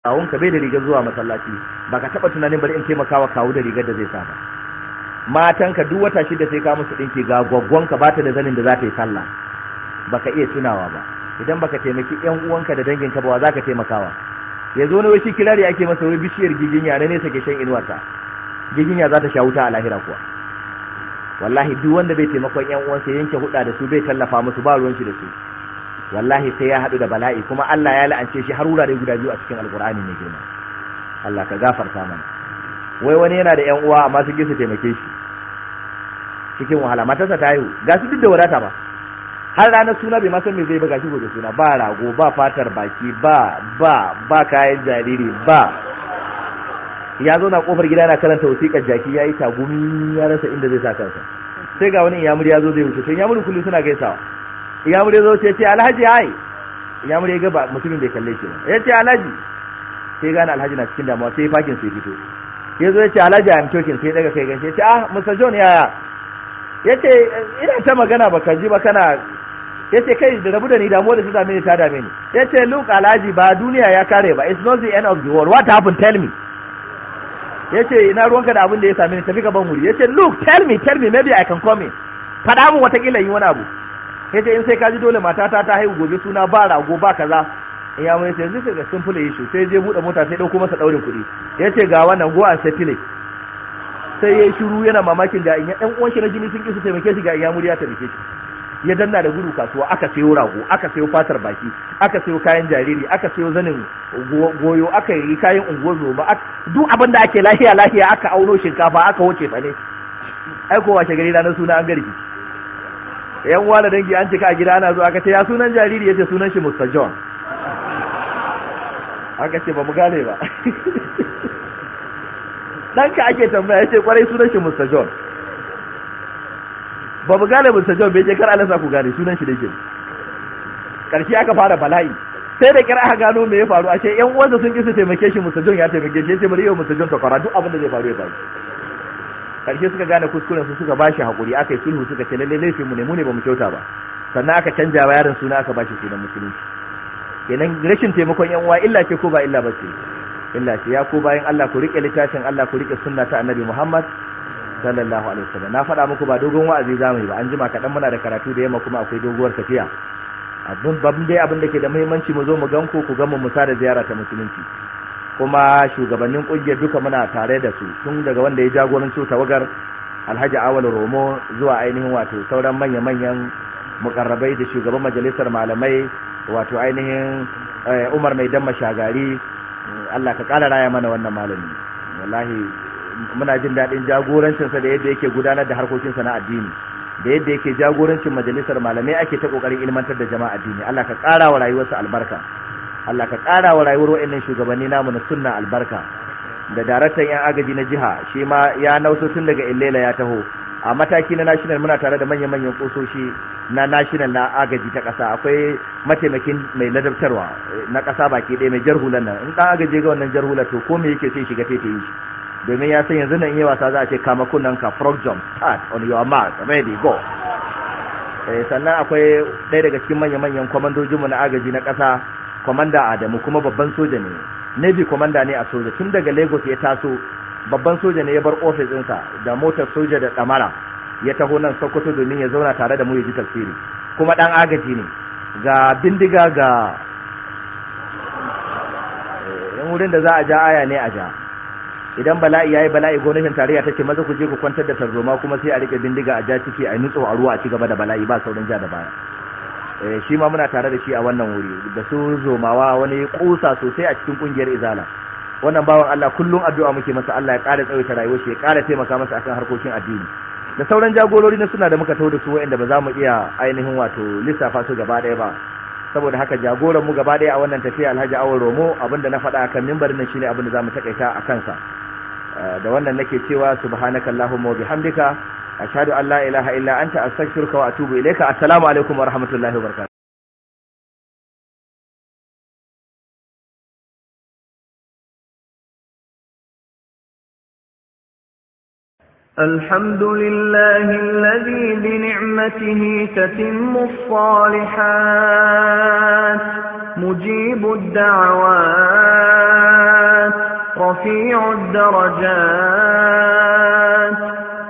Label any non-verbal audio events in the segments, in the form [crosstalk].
kawun ka bai da rigar zuwa masallaci ba ka taɓa tunanin bari in taimakawa kawu da rigar da zai sa ba matan ka duk wata shida sai ka musu ɗinki ga gwaggwan ka ta da zanin da za ta yi sallah ba ka iya tunawa ba idan ba ka taimaki yan uwanka da dangin ka ba za ka taimakawa ya zo wai shi kirari ake masa wai bishiyar giginya na nesa ke shan inuwarta giginya za ta sha wuta a lahira kuwa wallahi duk wanda bai taimakon yan uwansa yanke huɗa da su bai tallafa musu ba ruwan shi da su wallahi sai ya haɗu da bala'i kuma Allah ya la'ance shi har wurare guda biyu a cikin alkur'ani mai girma Allah ka gafarta mana wai wani yana da ƴan uwa amma sun su taimake shi cikin wahala matarsa ta haihu ga su duk da wadata ba har ranar suna bai ma me zai ba gashi gobe suna ba rago ba fatar baki ba ba ba kayan jariri ba ya zo na kofar gida na karanta wasiƙar jaki ya yi tagumi ya rasa inda zai sa kansa sai ga wani iyamuri ya zo zai wuce sai iyamuri kullum suna gaisawa ya mure zo sai ce alhaji ai ya mure ga ba mutumin bai kalle shi ba ya ce alhaji sai gane alhaji na cikin damuwa sai fakin sai fito ya zo ya ce alhaji am tokin sai daga kai ganshi ya ce ah mr john yaya ya ce ina ta magana ba ka ji ba kana ya ce kai da rabu da ni damuwa da ta dame ni ta dame ni ya ce look alhaji ba duniya ya kare ba it's not the end of the world what happened tell me ya ce ina ruwanka da abin da ya same ni tafi ka ban wuri ya ce look tell me tell me maybe i can come in faɗa abu watakila yi wani abu ya in sai kaji dole matata ta haihu gobe suna ba rago ba kaza ya mai sai zai ga sun fule sai je buɗe mota sai ɗauko masa ɗaurin kuɗi ya ce ga wannan go a setile sai ya yi shiru yana mamakin ga inya ɗan uwan shi na jini sun ƙi su taimake shi ga inya murya ta rike shi ya danna da gudu kasuwa aka sayo rago aka sayo fatar baki aka sayo kayan jariri aka sayo zanin goyo aka yi kayan unguwar zoma duk abinda ake lahiya lahiya aka auno shinkafa aka wuce fa ne ai kowa shagari ranar suna an garki yan uwa da dangi an cika a gida ana zuwa aka ce ya sunan jariri yace sunan shi Mr John aka ce ba mu gane ba [laughs] ka ake tambaya yace kwarai sunan shi Mr John ba mu gane Mr John bai je kar Allah sa ku gane sunan shi dake karshe aka fara bala'i sai da kira aka gano me ya faru ashe yan uwansa sun kisa taimake shi Mr John ya taimake shi yace bari yau Mr John ta fara duk abin da zai faru ya faru karshe suka gane kuskuren su suka bashi hakuri aka yi sulhu suka ce lalle laifin mu ne mu ne bamu kyauta ba sannan aka canja wa yaron suna aka bashi sunan musulunci kenan rashin taimakon yan uwa illa ce ko ba illa ba ce illa ce ya ko bayan Allah ku rike littafin Allah ku rike sunna ta Annabi Muhammad sallallahu alaihi wasallam na faɗa muku ba dogon wa'azi za mu yi ba an jima kaɗan muna da karatu da yamma kuma akwai doguwar tafiya abin babin dai abin da ke da muhimmanci mu zo mu ganku ku ga mu sada ziyara ta musulunci kuma shugabannin kungiyar duka muna tare da su tun daga wanda ya jagoranci tawagar alhaji awal romo zuwa ainihin wato sauran manya-manyan mukarrabai da shugaban majalisar malamai wato ainihin eh, umar mai damma shagari allah ka kara raya mana wannan malami wallahi muna jin daɗin jagorancinsa da yadda yake gudanar da harkokinsa na addini da yadda yake jagorancin majalisar malamai ake ta ƙoƙarin ilmantar da jama'a addini allah ka ƙara wa rayuwarsa albarka Allah ka ƙara wa rayuwar wa'annan shugabanni namu na sunna albarka da daraktan yan agaji na jiha shi ma ya nauso tun daga illela ya taho a mataki na national muna tare da manya-manyan kososhi na national na agaji ta ƙasa akwai mataimakin mai ladabtarwa na ƙasa baki ɗaya mai jarhulan nan in ɗan agaji ga wannan jarhular to ko me yake sai shiga tete yi domin ya san yanzu nan yi wasa za a ce kama kunan ka frog jump start on your mark ready go eh, sannan akwai ɗaya daga cikin manya-manyan kwamandojinmu na agaji na ƙasa kwamanda adamu kuma babban soja ne navy kwamanda ne a soja tun daga lagos ya taso babban soja ne ya bar ofis ɗinsa da motar soja da ɗamara ya taho nan sokoto domin ya zauna tare da mu ya ji tafsiri kuma ɗan agaji ne ga bindiga ga eh, yan wurin da za a ja aya ne a ja idan bala'i yayi bala'i gwamnatin tarayya take maza ku je ku kwantar da tarzoma kuma sai a rike bindiga a ja ciki a nutso a ruwa a ci gaba da bala'i ba sauran ja da baya Eh, shi ma muna tare da shi a wannan wuri da su zomawa wani kusa sosai a cikin kungiyar izala wannan bawan Allah kullum addu'a muke masa Allah ya ƙara tsawaita rayuwar shi ya ƙara taimaka masa akan harkokin addini da sauran jagorori na suna da muka tawo da su waɗanda ba za mu iya ainihin wato lissafa su gaba ɗaya ba saboda haka jagoran mu gaba ɗaya a wannan tafiya Alhaji awon Romo abinda na faɗa akan mimbarin nan shine abinda mu takaita a kansa eh, da wannan nake cewa subhanakallahumma wa bihamdika أشهد أن لا إله إلا أنت أستغفرك وأتوب إليك السلام عليكم ورحمة الله وبركاته الحمد لله الذي بنعمته تتم الصالحات مجيب الدعوات رفيع الدرجات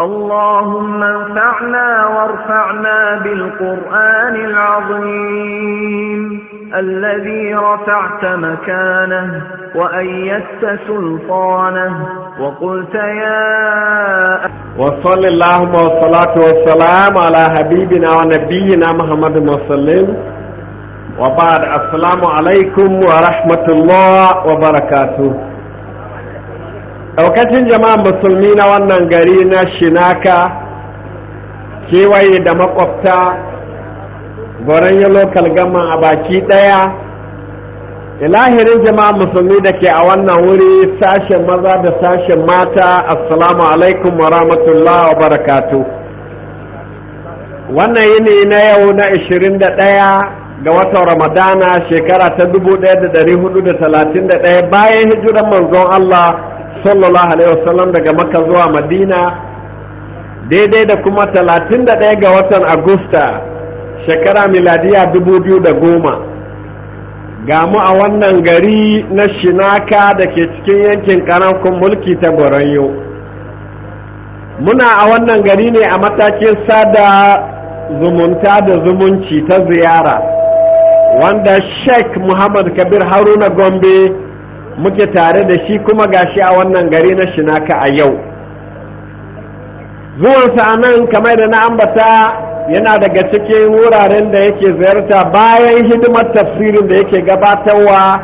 اللهم انفعنا وارفعنا بالقرآن العظيم الذي رفعت مكانه وأيدت سلطانه وقلت يا وصل اللهم والصلاة والسلام على حبيبنا ونبينا محمد وسلم وبعد السلام عليكم ورحمة الله وبركاته daukacin jama'a musulmi na wannan gari na shinaka kewaye da makwabta goron yi lokal gama a baki ɗaya, ilahirin jama'a musulmi da ke a wannan wuri sashen maza da sashen mata assalamu alaikum wa rahmatullah wa barakatu wannan yini na yau na 21 ga watan ramadana shekara ta 1431 bayan hijiran manzon Allah sallallahu alaihi wasallam daga maka zuwa madina daidai da kuma talatin da ɗaya ga watan agusta shekara miladiya 2010 ga mu a wannan gari na shinaka da ke cikin yankin karankun mulki ta goronyo muna a wannan gari ne a matakin sada zumunta da zumunci ta ziyara wanda sheikh muhammad kabir haruna gombe muke tare da shi kuma gashi a wannan gari na shinaka a yau zuwansa a nan kamar da na ambata yana daga cikin wuraren da yake ziyarta bayan hidimar tafsirin da yake gabatarwa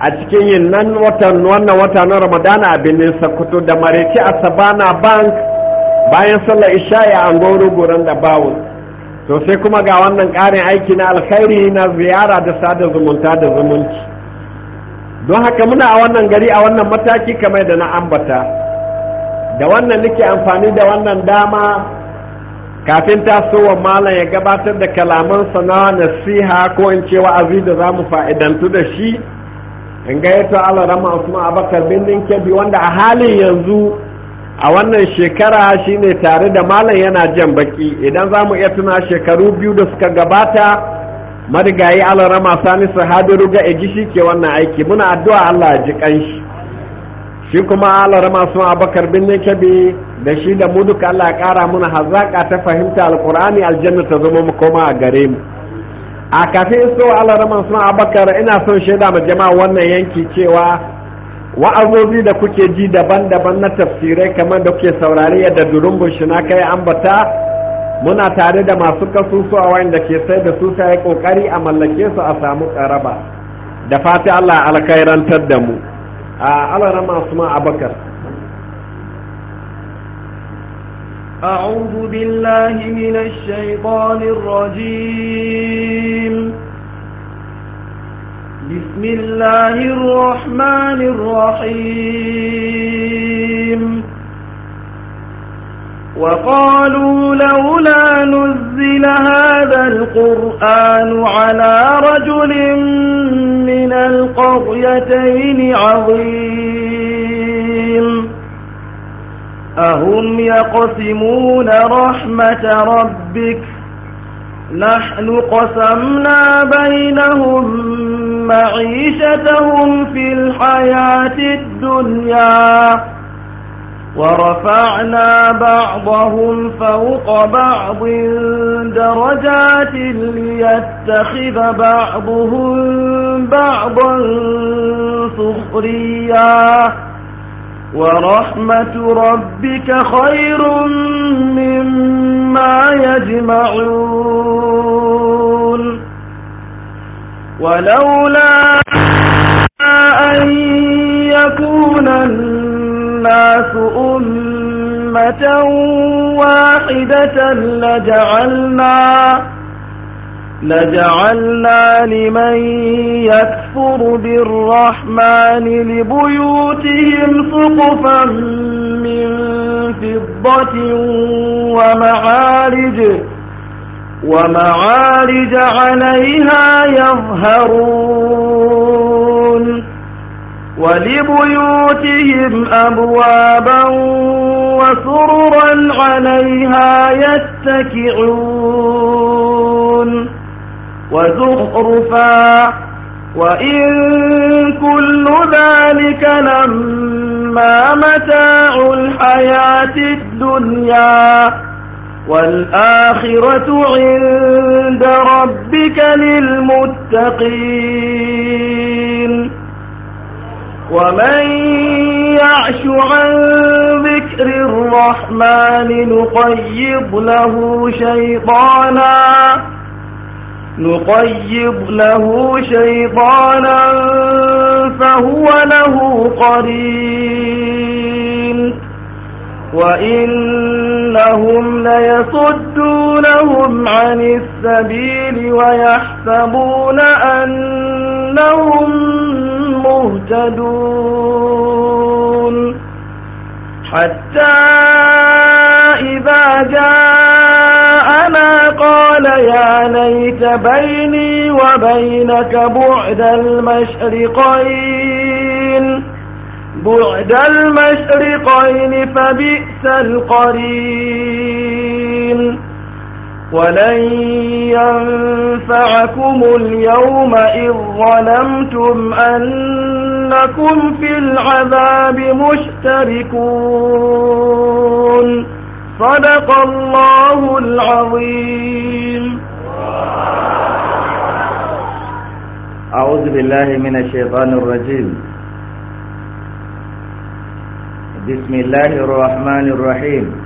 a cikin yin nan watan wannan wata na ramadana a birnin sokoto da mareci a sabana bank bayan sallar isha'i a angoro goron da bawul to kuma ga wannan ƙarin aiki na alkhairi na ziyara da sada zumunta da zumunci don haka muna a wannan gari a wannan mataki kamar da na ambata da wannan nake amfani da wannan dama kafin tasowa malam ya gabatar da kalamansa na nasiha ko in ce wa'azi da za mu fa'idantu da shi in ga gayyato Allah rama Usman Abakar birnin bi wanda a halin yanzu a wannan shekara shine tare da malam yana jan baki idan za mu iya tuna shekaru biyu da suka gabata marigayi rama sani sahabi ruga eji shi ke wannan aiki muna addu'a Allah ji kanshi shi kuma alarama sun abakar bin nakabi da shi da mu duka Allah ya kara muna hazaka ta fahimta alqur'ani aljanna ta zama mu koma a gare mu a kafin so alarama sun abakar ina son shaida ma jama'a wannan yanki cewa wa'azozi da kuke ji daban-daban na tafsirai kamar da kuke saurari yadda durumbun shi na kai ambata muna tare da masu kasusuwa wanda ke sai da su sai kokari a mallake su a samu karaba da fati Allah alkhairantar da mu a rama su ma abakar أعوذ بالله من الشيطان الرجيم بسم الله الرحمن الرحيم وقالوا لولا نزل هذا القرآن على رجل من القريتين عظيم أهم يقسمون رحمة ربك نحن قسمنا بينهم معيشتهم في الحياة الدنيا ورفعنا بعضهم فوق بعض درجات ليتخذ بعضهم بعضا سخريا ورحمة ربك خير مما يجمعون ولولا أن يكون الناس الناس أمة واحدة لجعلنا لجعلنا لمن يكفر بالرحمن لبيوتهم سقفا من فضة ومعارج ومعارج عليها يظهرون ولبيوتهم أبوابا وسررا عليها يتكئون وزخرفا وإن كل ذلك لما متاع الحياة الدنيا والآخرة عند ربك للمتقين ومن يعش عن ذكر الرحمن نقيض له شيطانا نقيض له شيطانا فهو له قرين وإنهم ليصدونهم عن السبيل ويحسبون أنهم مهتدون حتى إذا جاءنا قال يا ليت بيني وبينك بعد المشرقين بعد المشرقين فبئس القرين ولن ينفعكم اليوم إذ ظلمتم أنكم في العذاب مشتركون صدق الله العظيم أعوذ بالله من الشيطان الرجيم بسم الله الرحمن الرحيم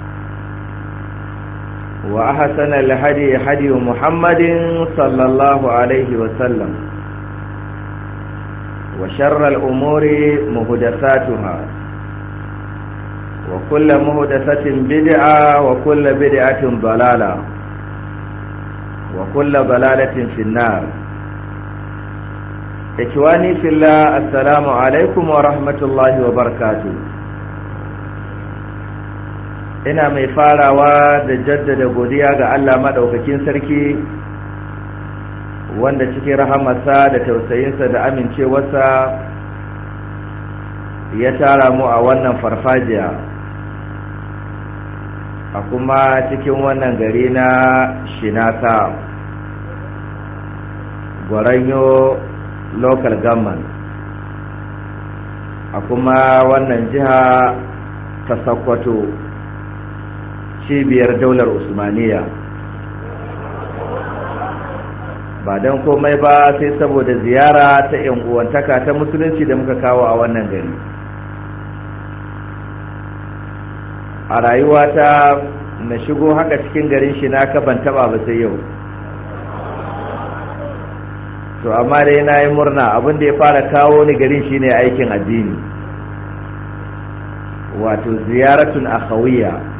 وأحسن الهدي هدي محمد صلى الله عليه وسلم وشر الأمور مهدساتها وكل مهدسة بدعة وكل بدعة ضلالة وكل ضلالة في النار إخواني في الله السلام عليكم ورحمة الله وبركاته ina mai farawa da jaddada godiya ga Allah maɗaukakin sarki wanda cikin rahamarsa da tausayinsa da amincewarsa ya tara mu a wannan farfajiya a kuma cikin wannan gari na shinata gwaranyo local government a kuma wannan jiha ta sakwato cibiyar daular usmaniya ba don komai ba sai saboda ziyara ta yan uwantaka ta musulunci da muka kawo a wannan gari a rayuwata na shigo haka cikin garin shi na ban taba ba sai yau to amma dai na yi murna abinda ya fara kawo ni garin ne aikin addini wato ziyaratun akhawiyya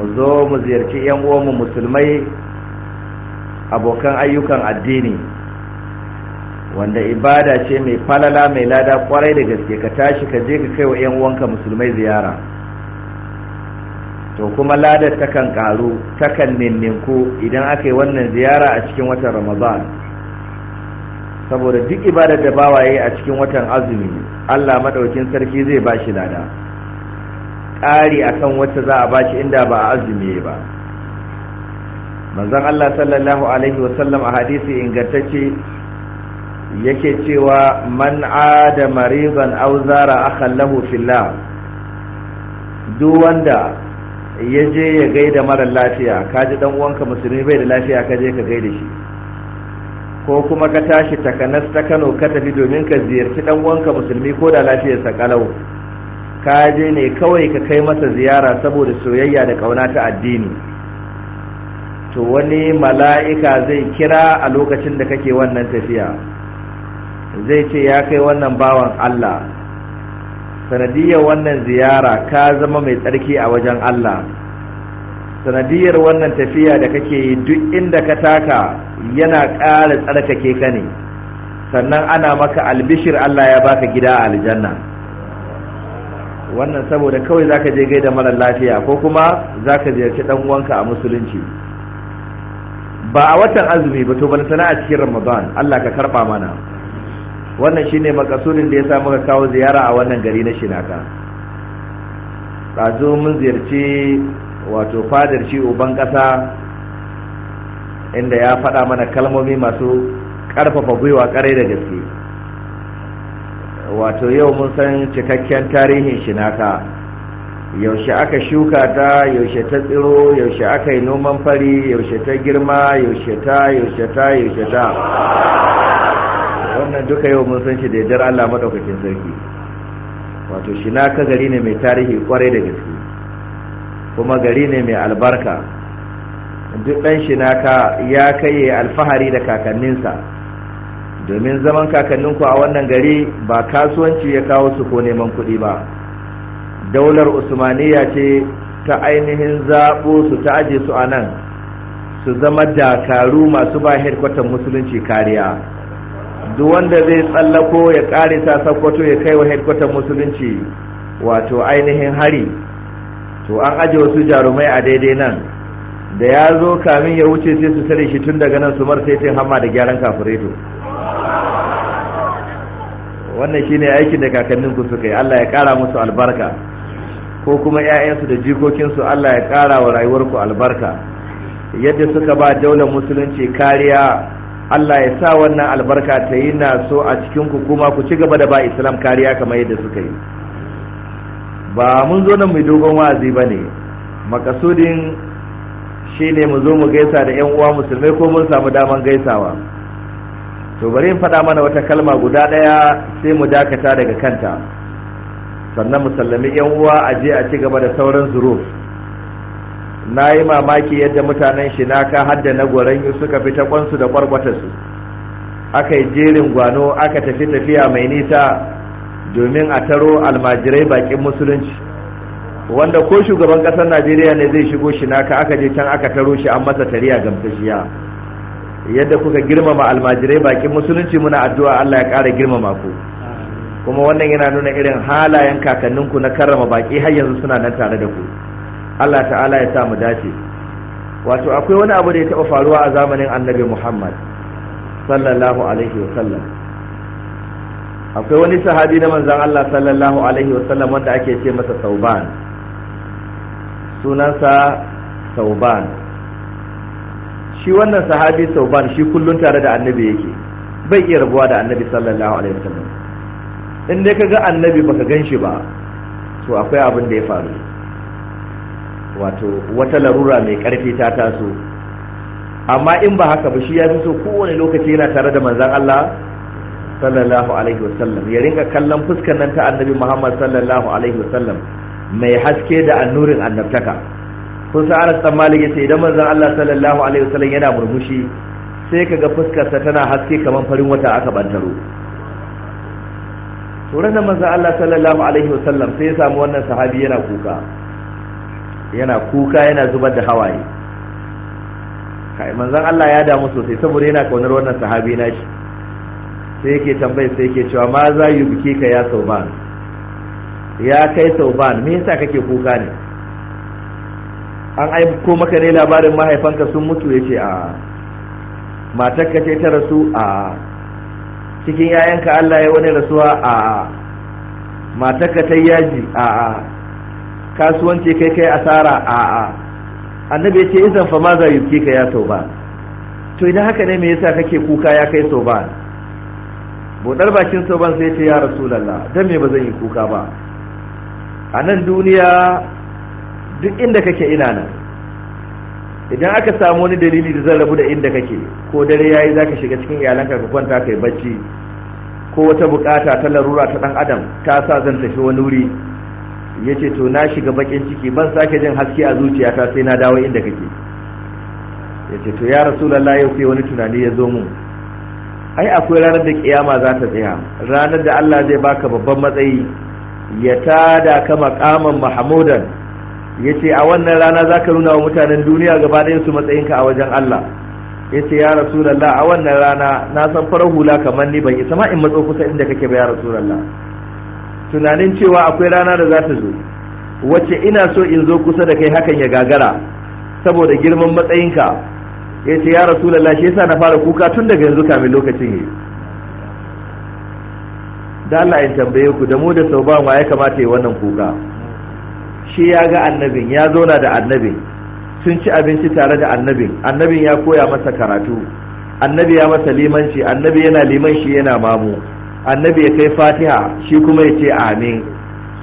mu zo mu ziyarci yan uwanmu musulmai abokan ayyukan addini wanda ibada ce mai falala mai lada kwarai da gaske ka tashi ka je ka kai wa yan uwanka musulmai ziyara to kuma ladar takan karu takan ninninku idan aka yi wannan ziyara a cikin watan ramadan saboda duk ibadar da bawaye a cikin watan azumi Allah madaukin sarki zai ba shi lada ƙari akan wacce za a ba shi inda ba a azumi ba manzon Allah sallallahu alaihi wasallam a hadisi ingantacce yake cewa man ada mariban auzara zara akhan lahu fila duk wanda ya je ya gaida mara lafiya ka ji dan uwanka musulmi bai da lafiya ka je ka gaida shi ko kuma ka tashi takanas ta Kano ka tafi domin ka ziyarci dan uwanka musulmi ko da lafiyarsa kalau ka je ne kawai ka kai masa ziyara saboda soyayya da ƙauna ta addini to wani mala'ika zai kira a lokacin da kake wannan tafiya zai ce ya kai wannan bawan Allah sanadiyar wannan ziyara ka zama mai tsarki a wajen Allah sanadiyar wannan tafiya da kake yi duk inda ka taka yana ƙara tsarkake ka ne sannan ana maka albishir Allah ya baka gida a aljanna wannan saboda kawai zaka je gaida mara lafiya ko kuma zaka ziyarci dan uwanka a musulunci ba a watan azumi ba to ban sana a cikin ramadan Allah ka karba mana wannan shine makasudin da ya sa muka kawo ziyara a wannan gari na Shinaka ɗazu mun ziyarci wato fadar shi uban ƙasa inda ya faɗa mana kalmomi masu ƙarfafa gwiwa ƙarai da gaske wato yau mun san cikakken tarihin shinaka yaushe aka shuka ta yaushe ta tsiro yaushe aka yi noman fari yaushe ta girma yaushe ta yaushe ta yaushe ta wannan duka yau mun san shi da yadda Allah madaukakin sarki wato shinaka gari ne mai tarihi kwarai da gaske kuma gari ne mai albarka duk ɗan shinaka ya kai alfahari da kakanninsa domin zaman kakanninku a wannan gari ba kasuwanci ya kawo su ko neman kuɗi ba daular Usmaniyya ce ta ainihin zaɓo su ta aje su a nan su zama dakaru masu ba hedkwatan musulunci kariya duk wanda zai tsallako ya ƙare ta sakkwato ya kai wa hedkwatan musulunci wato ainihin hari to an aje wasu jarumai a daidai nan da ya zo kamin ya wuce sai su tare shi tun daga nan su martaitin hama da gyaran kafureto wannan shine aikin da kakanninku suka yi Allah ya kara musu albarka ko kuma 'ya'yansu da jikokinsu Allah ya kara wa rayuwarku albarka yadda suka ba daular musulunci kariya Allah ya sa wannan albarka ta yi na so a cikinku kuma ku ci gaba da ba islam kariya kamar yadda suka yi ba mun zo nan mu dogon wa'azi ba ne makasudin shi ne mu zo mu gaisa da 'yan uwa musulmai ko mun samu daman gaisawa to bari in faɗa mana wata kalma guda ɗaya sai mu dakata daga kanta sannan musallami yan uwa a je a ci gaba da sauran zuruf na yi mamaki yadda mutanen shinaka har da na gwaranyu suka fi kwansu da ƙwarƙwata su. aka yi jerin gwano aka tafi tafiya mai nisa domin a taro almajirai bakin musulunci wanda ko shugaban ƙasar najeriya ne zai shigo shi ka aka je can aka taro shi an masa tariya gamsashiya yadda kuka girmama almajirai bakin musulunci muna addu'a Allah ya ƙara girmama ku kuma wannan yana nuna irin halayen kakanninku na karrama baki har yanzu suna nan tare da ku Allah ta'ala ya sa mu dace wato akwai wani abu da ya taɓa faruwa a zamanin annabi Muhammad sallallahu alaihi wa sallam akwai wani sahabi na manzon Allah sallallahu alaihi wa sallam wanda ake ce masa Sauban sunansa Sauban shi wannan sahabi sauban shi kullun tare da annabi yake bai iya rabuwa da annabi sallallahu alaihi wasallam in dai kaga annabi baka gan shi ba to akwai abin da ya faru wato wata larura mai karfi ta taso amma in ba haka ba shi ya fi so kowane lokaci yana tare da Manzan Allah sallallahu alaihi wasallam ya ringa kallon fuskar nan ta annabi Muhammad sallallahu alaihi wasallam mai haske da annurin annabtaka to sai Anas dan Malik yace idan manzon Allah sallallahu alaihi wasallam yana murmushi sai kaga fuskar sa tana haske kamar farin wata aka bantaro to ranar manzon Allah sallallahu alaihi wasallam sai ya samu wannan sahabi yana kuka yana kuka yana zubar da hawaye kai manzon Allah ya damu sosai saboda yana kaunar wannan sahabi nashi sai yake tambayi sai yake cewa ma za yi buke ka ya sauban ya kai sauban me yasa kake kuka ne an aiko maka ne labarin mahaifanka sun mutu ya ce a matarka ce ta rasu a cikin yayanka Allah ya wani rasuwa a matarka ta yaji a kasuwanci kai kai asara a annabi ya ce izan fa ma za yuke ka ya tauba to idan haka ne me yasa kake kuka ya kai tauba budar bakin tauban sai ya ce ya rasulullah dan me ba zan yi kuka ba a nan duniya duk inda kake ina nan idan aka samu wani dalili da zan rabu da inda kake ko dare ya yi za ka shiga cikin iyalanka ka kwanta kai bacci ko wata bukata ta larura ta dan adam ta sa zan tafi wani wuri yace to na shiga bakin ciki ban sake jin haske a zuciyata sai na dawo inda kake yace to ya rasulullahi yau sai wani tunani ya zo mun ai akwai ranar da kiyama za ta tsaya ranar da Allah zai baka babban matsayi ya tada ka makaman mahmudan ya ce a wannan rana za ka nuna wa mutanen duniya gaba su matsayinka a wajen Allah ya ce ya rasulallah a wannan rana na san farar hula kamar ni ban isa ma in matso kusa inda kake ba ya rasulallah tunanin cewa akwai rana da za ta zo wacce ina so in zo kusa da kai hakan ya gagara saboda girman matsayinka ya ce ya rasulallah shi yasa na fara kuka tun daga yanzu kamin lokacin yi da Allah in tambaye ku da mu da sau ba ya kamata yi wannan kuka shi ya ga annabin ya zauna da annabin sun ci abinci tare da annabin annabin ya koya masa karatu annabi ya masa limanci annabi yana liman shi yana mamu annabi ya kai fatiha shi kuma ya ce amin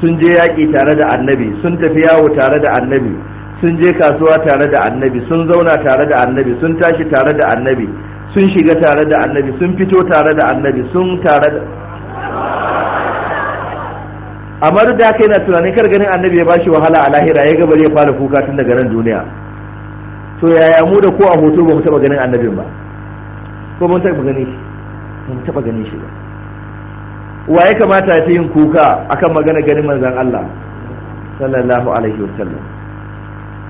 sun je yaƙi tare da annabi sun tafi yawo tare da annabi sun je kasuwa tare da annabi sun zauna tare da annabi sun tashi tare da annabi sun shiga tare da annabi sun fito tare da annabi sun tare da amma duk da haka yana tunanin kar ganin annabi ya bashi wahala a lahira ya gaba zai fara kuka tun daga nan duniya to yaya mu da ko a hoto ba mu taba ganin annabin ba ko mun taba gani shi mun taba gani shi ba wa ya kamata ya yin kuka akan magana ganin manzon Allah sallallahu alaihi wasallam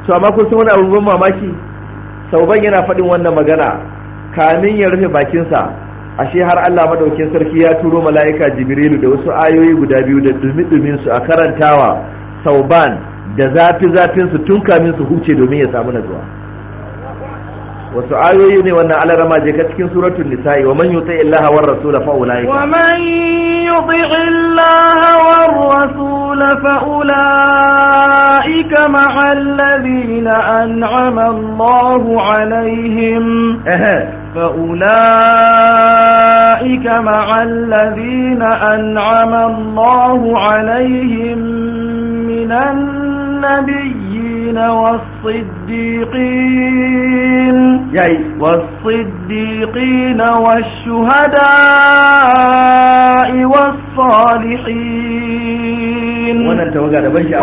to amma kun san wani abun mamaki sauban yana faɗin wannan magana kamin ya rufe bakinsa ashe har Allah madaukin sarki ya turo mala'ika jibrilu da wasu ayoyi guda biyu da dumi-dumin su a karantawa sauban da zafi zafin su tun kamin su huce domin ya samu nazuwa wasu ayoyi ne wannan rama je ka cikin suratul nisa'i wa man yuti illaha war rasul fa ulai wa man yuti illaha war rasul fa ulai ka ma alladhina an'ama Allahu alaihim fa ulai فأولئك مع الذين أنعم الله عليهم من النبيين والصديقين جاي والصديقين والشهداء والصالحين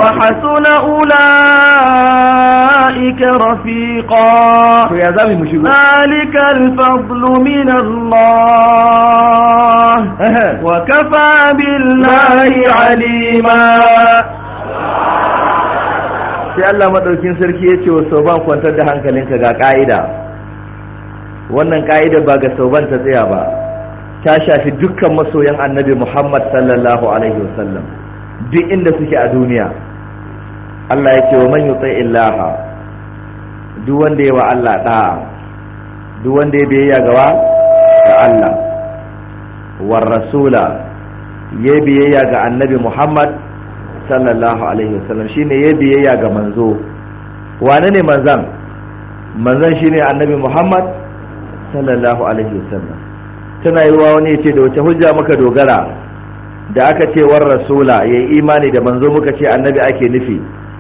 وحسن أولئك رفيقا ذلك الفضل من الله وكفى بالله عليما sai Allah madaukin sarki ya ce wa ban kwantar da hankalinka ga ka'ida wannan ka'ida ba ga sauban ta tsaya ba ta shafi dukkan masoyan annabi muhammad sallallahu alaihi wasallam duk inda suke a duniya Allah ya ce wa man yutsi illaha duk wanda ya wa Allah da'a duk wanda ya biyayya wa? ga Allah war rasula ya biyayya ga annabi Muhammad sallallahu alaihi wasallam shine ya biyayya ga manzo wane ne manzan manzan shine annabi Muhammad sallallahu alaihi wasallam tana yi wa wani ce da wace hujja muka dogara da aka ce war rasula ya yi imani da manzo muka ce annabi ake nufi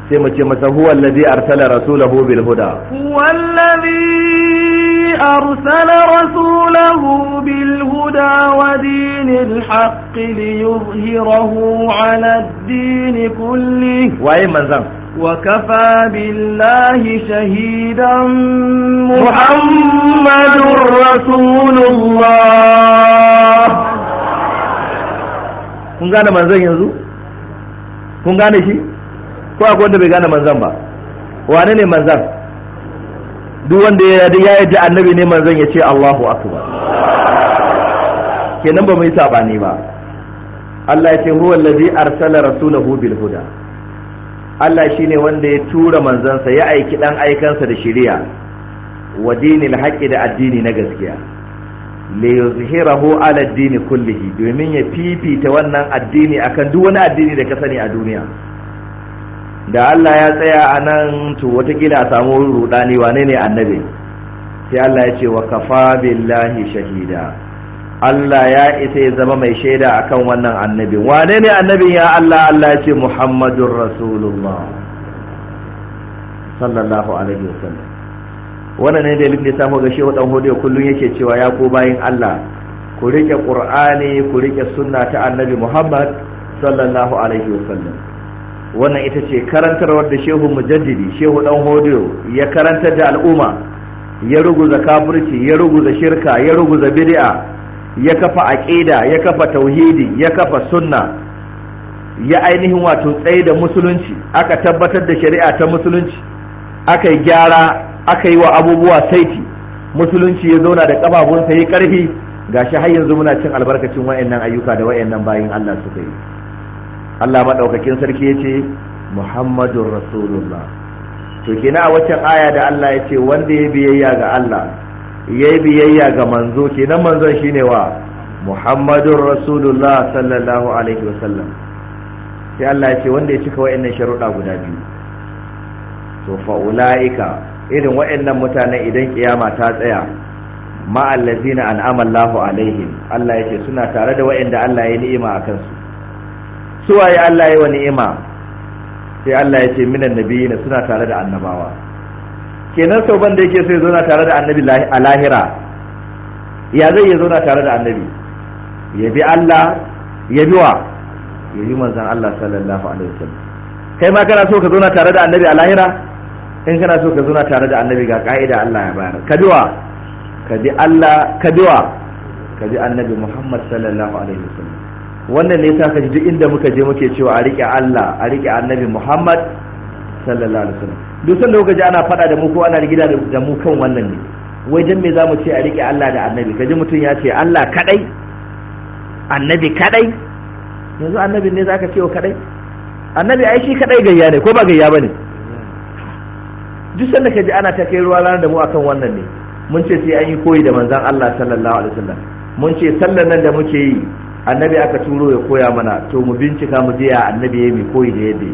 sai mu ce masa huwa allazi arsala rasulahu bil huda huwa allazi arsala rasulahu bil huda wa dinil haqq li yuzhirahu ala ad-din kulli waye manzon وكفى بالله شهيدا محمد رسول الله kun gane manzon yanzu kun gane shi ko akwai wanda bai gane manzon ba wane ne manzon duk wanda ya yi yadda annabi ne manzon ya ce Allahu akbar kenan ba mu yi sabani ba Allah ya ce huwa allazi arsala rasulahu bil huda Allah shi ne wanda ya tura manzansa ya aiki ɗan aikansa da shirya wa dinil haƙƙi da addini na gaskiya li yuzhirahu ala addini kullihi domin ya fifita wannan addini akan duk wani addini da ka sani a duniya da Allah ya tsaya a nan to watakila a samu rudani wane ne annabi sai Allah ya ce wa kafa billahi shahida Allah ya isa ya zama mai shaida akan wannan annabi wane ne annabin ya Allah Allah ya ce Muhammadur Rasulullah sallallahu alaihi wasallam wannan ne da ya samu ga shehu dan hodiya kullun yake cewa ya ko bayin Allah ku rike Qur'ani ku rike sunna ta annabi Muhammad sallallahu alaihi wasallam wannan ita ce karantarwar da shehu mujaddidi shehu dan hodiya ya karantar da al'umma ya ruguza kafirci ya ruguza shirka ya ruguza bid'a ya kafa aqida ya kafa tauhidi ya kafa sunna ya ainihin wato tsaye da musulunci aka tabbatar da shari'a ta musulunci aka yi gyara aka yi wa abubuwa saiti musulunci ya zauna da ƙafafunsa ya ƙarfi gashi har yanzu muna cin albarkacin wa'annan ayyuka da wa'annan bayin Allah suka yi Allah maɗaukakin sarki ya ce Muhammadun Rasulullah to kenan a waccan aya da Allah ya ce wanda ya biyayya ga Allah yayi biyayya ga manzo kenan manzon shine wa Muhammadur Rasulullah sallallahu alaihi wasallam sai Allah ya ce wanda ya cika wa'annan sharuɗa guda biyu to fa ulaika irin wa'annan mutanen idan kiyama ta tsaya ma allazina an'ama Allahu alaihim Allah ya ce suna tare da wa'anda Allah ya ni'ima akan su suwaye Allah ya wa ni'ima sai Allah ya ce minan nabiyina suna tare da annabawa kenan sau ban da yake so ya zauna tare da annabi a lahira ya zai ya zauna tare da annabi ya bi Allah ya bi wa ya bi manzan Allah sallallahu alaihi wasallam kai ma kana so ka zauna tare da annabi a lahira in kana so ka zauna tare da annabi ga ka'ida Allah ya bayar ka bi wa ka bi Allah ka bi wa ka bi annabi Muhammad sallallahu alaihi wasallam wannan ne yasa kaji duk inda muka je muke cewa a riƙe Allah a riƙe annabi Muhammad sallallahu alaihi wasallam dusan da gaji ana faɗa da mu ko ana rigida da mu kan wannan ne wai me zamu ce a rike Allah da Annabi Gaji mutum ya ce Allah kadai Annabi kadai yanzu Annabi ne zaka ce wa kadai Annabi ai shi kadai gayya ne ko ba gayya bane dusan da kaji ana ta kai ruwa ranar da mu akan wannan ne mun ce sai an yi koyi da manzon Allah sallallahu alaihi wasallam mun ce sallan nan da muke yi annabi aka turo ya koya mana to mu bincika mu je ya annabi ya mai koyi da yadda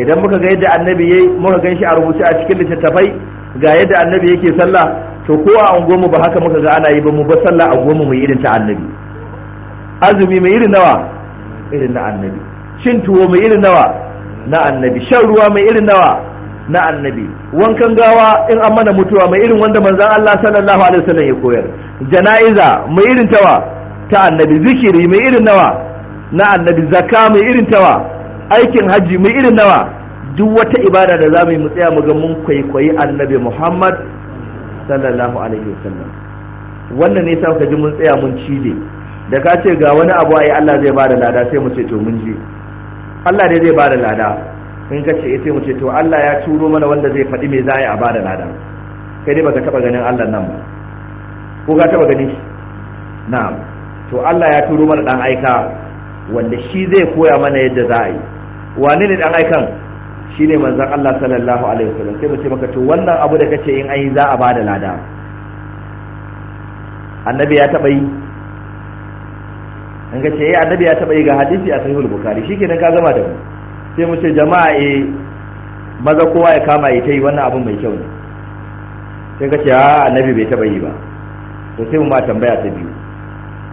idan muka ga yadda annabi yayi muka ganshi a rubuce a cikin littattafai ga yadda annabi yake sallah to ko a unguwarmu ba haka muka ga ana yi ba mu ba sallah a unguwarmu mu yi irin ta annabi azumi mai irin nawa irin na annabi shin tuwo mai irin nawa na annabi shan ruwa mai irin nawa na annabi wankan gawa in an mana mutuwa mai irin wanda manzon Allah sallallahu alaihi wasallam ya koyar jana'iza mai irin tawa ta annabi zikiri mai irin nawa na annabi zakka mai irin tawa aikin hajji mai irin nawa duk wata ibada da za mu yi mu tsaya mu ga mun kwaikwayi annabi Muhammad sallallahu alaihi wasallam wannan ne sa ka ji mun tsaya mun cije da ka ce ga wani abu ai Allah zai bada lada sai mu ce to mun je Allah dai zai bada lada in ka ce eh sai mu ce to Allah ya turo mana wanda zai faɗi me za a yi a bada lada kai dai baka taba ganin Allah nan ba ko ka taba ganin shi na'am to Allah ya turo mana dan aika wanda shi zai koya mana yadda za a yi wane ne dan aikan ne manzan Allah sallallahu alaihi wasallam sai mu ce maka to wannan abu da kace in ai za a bada lada annabi ya taba yi in kace yi eh annabi ya taba yi ga hadisi a sahihul bukhari shikenan ka gama da mu sai mu ce jama'a eh maza kowa ya kama ya yi wannan abun mai kyau ne sai ka ce a ah, annabi bai taba yi ba to sai mu ma tambaya ta biyu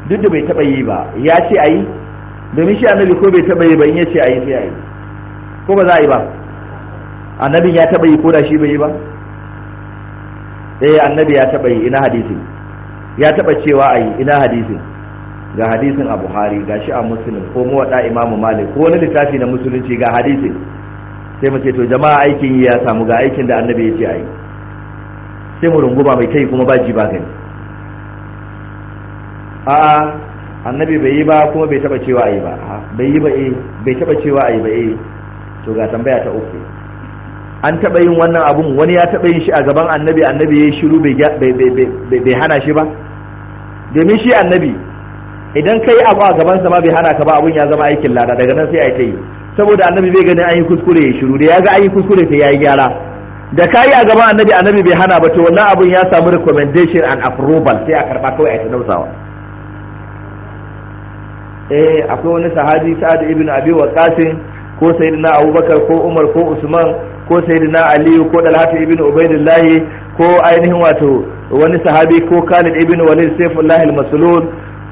duk da bai taba yi ba ya ce ayi domin shi annabi ko bai taba yi ba in ya ce ayi sai ayi ko ba za a yi ba annabin ya taɓa yi ko da shi bai yi ba eh annabi ya taɓa yi ina hadisin ya taɓa cewa a yi ina hadisin ga hadisin a buhari ga shi a musulun ko wada imamu malik ko wani littafi na musulunci ga hadisin sai mu ce to jama'a aikin yi ya samu ga aikin da annabi ya ce a yi sai mu runguma mai kai kuma ba ji ba gani a'a annabi bai yi ba kuma bai taba cewa yi ba bai yi ba eh bai taba cewa yi ba eh to ga tambaya ta uku an taɓa yin wannan abun wani ya taɓa yin shi a gaban annabi annabi ya yi shiru bai hana shi ba domin shi annabi idan ka yi abu a sa ma bai hana ka ba abun ya zama aikin lada daga nan sai a ta yi saboda annabi bai gani an yi kuskure ya shiru da ya ga an yi kuskure sai ya yi gyara da ka yi a gaban annabi annabi bai hana ba to wannan abun ya samu recommendation and approval sai a karɓa kawai a yi nausawa eh akwai wani sahabi sa'ad ibn abi waqasin ko sayyidina abubakar ko umar ko usman ko sayyidina aliyu ko dalhatu ibn ubaidillah ko ainihin wato wani sahabi ko khalid ibn walid saifullah al-maslul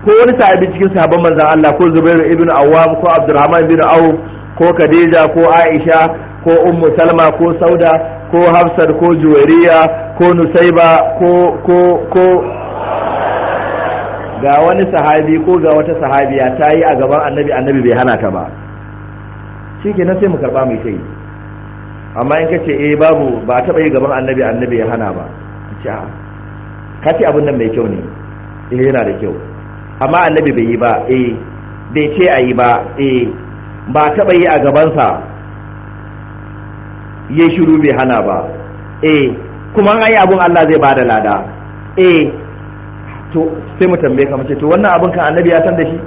ko wani sahabi cikin sahabban manzon Allah ko zubairu ibn awwam ko abdurrahman ibn auf ko khadija ko aisha ko ummu salma ko sauda ko hafsat ko juwairiya ko nusaiba ko ko ko ga wani sahabi ko ga wata sahabiya ta yi a gaban annabi annabi bai hana ta ba shi nan sai mu karba mai yi. amma in kace eh babu ba a taba yi gaban annabi annabi ya hana ba ce a ka ce abin nan mai kyau ne eh yana da kyau amma annabi bai yi ba eh bai ce a yi ba eh ba taba yi a gabansa ya shiru bai hana ba eh kuma an yi abun Allah zai bada lada eh to sai mu tambaye ka mace to wannan abin kan annabi ya san da shi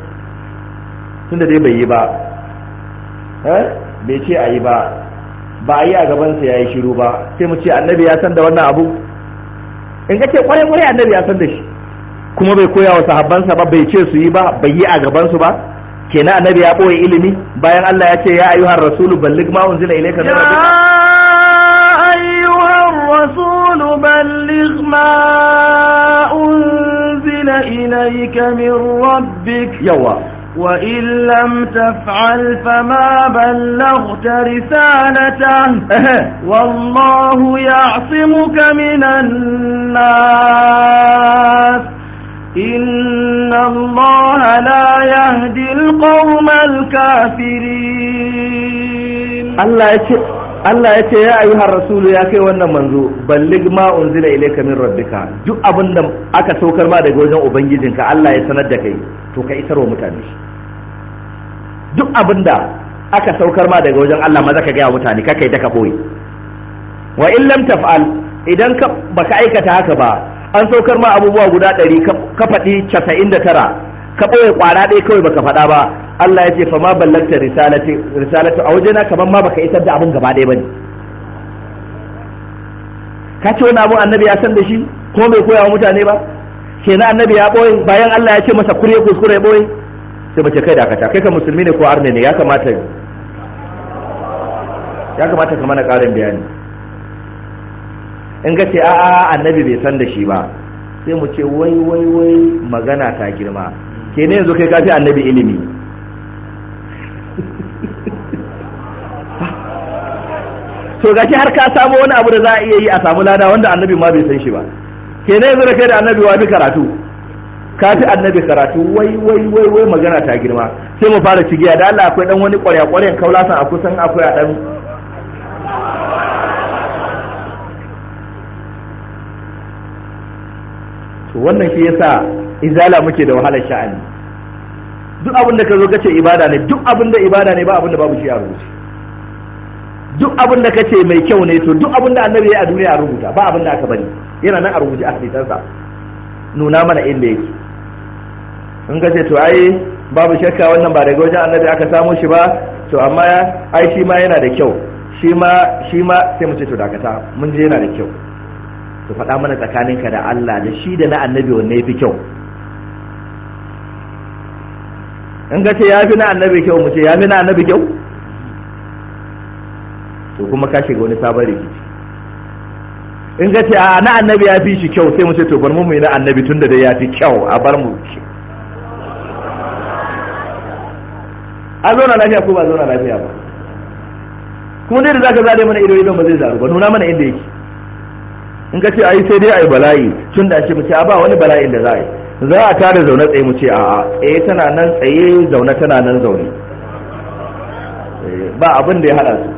tunda dai bai yi ba Eh? bai ce a yi ba ba a yi a gabansa ya yi shiru ba sai mu ce annabi ya san da wannan abu in ga ce kwarai kwarai annabi ya san da shi kuma bai koya wa sahabbansa ba bai ce su yi ba bai yi a gabansu ba kenan annabi ya boye ilimi bayan Allah ya ce ya ayyuhar rasulu balligh ma unzila ilayka min rabbika ayyuhar rasulu balligh ma unzila ilayka min rabbik yawa وإن لم تفعل فما بلغت رسالته [laughs] والله يعصمك من الناس إن الله لا يهدي القوم الكافرين الله Allah ya ce ya har rasulu ya kai wannan manzo ballig ma unzila ilayka min rabbika duk abin da aka saukar ma daga wajen ubangijinka Allah ya sanar da kai to ka isar wa mutane duk abin da aka saukar ma daga wajen Allah maza ka gaya mutane ka kai ka boye wa in lam taf'al idan ka baka aikata haka ba an saukar ma abubuwa guda 100 ka faɗi 99 ka ɓoye ƙwara ɗaya kawai baka faɗa ba Allah ya ce fa ma ballanta risalatu a wajena kamar ma baka isar da abin gaba ɗaya bane ka ce wani abu annabi ya san da shi ko bai koya wa mutane ba kenan annabi ya ɓoye bayan Allah ya ce masa kure kuskure ɓoye sai bace kai dakata kai ka musulmi ne ko arne ne ya kamata ya kamata ka mana ƙarin bayani in ka ce a'a annabi bai san da shi ba sai mu ce wai wai wai magana ta girma kenan yanzu kai kafi annabi ilimi to gashi har ka samu wani abu da za a iya yi a samu lada wanda annabi ma bai san shi ba kenan yanzu kai da annabi bi karatu ka fi annabi karatu wai wai wai wai magana ta girma sai mu fara cigiya da Allah akwai dan wani ƙwarya ƙwaryan kaulasan a kusan akwai a dan to wannan shi yasa izala muke da wahalar sha'ani duk abin da ka zo kace ibada ne duk abin da ibada ne ba abin da babu shi a rubuce duk abin da kace mai kyau ne to duk abin da annabi ya a duniya a rubuta ba abin da aka bari yana nan a rubuce a hadisansa nuna mana inda yake in kace to ai babu shakka wannan ba daga wajen annabi aka samo shi ba to amma ai shi ma yana da kyau shi ma shi ma sai mu ce to dakata mun je yana da kyau to faɗa mana tsakaninka da Allah da shi da na annabi wanne yafi kyau in ka ce ya fi na annabi kyau mu ce ya fi na annabi kyau to kuma ka shiga wani sabon rikici in ka ce a na annabi ya fi shi kyau sai mu ce to bar mu yi na annabi tun da dai ya fi kyau a bar mu a zauna lafiya ko ba zauna lafiya ba kuma dai da zaka zade mana ido idan ba zai zaru ba nuna mana inda yake in ka ce ai sai dai ai bala'i tun da shi mu ce a ba wani bala'in da za a yi za a tare zaune tsaye mu ce a'a tsaye eh, tana nan tsaye zaune tana nan zaune eh, ba abin da ya hada su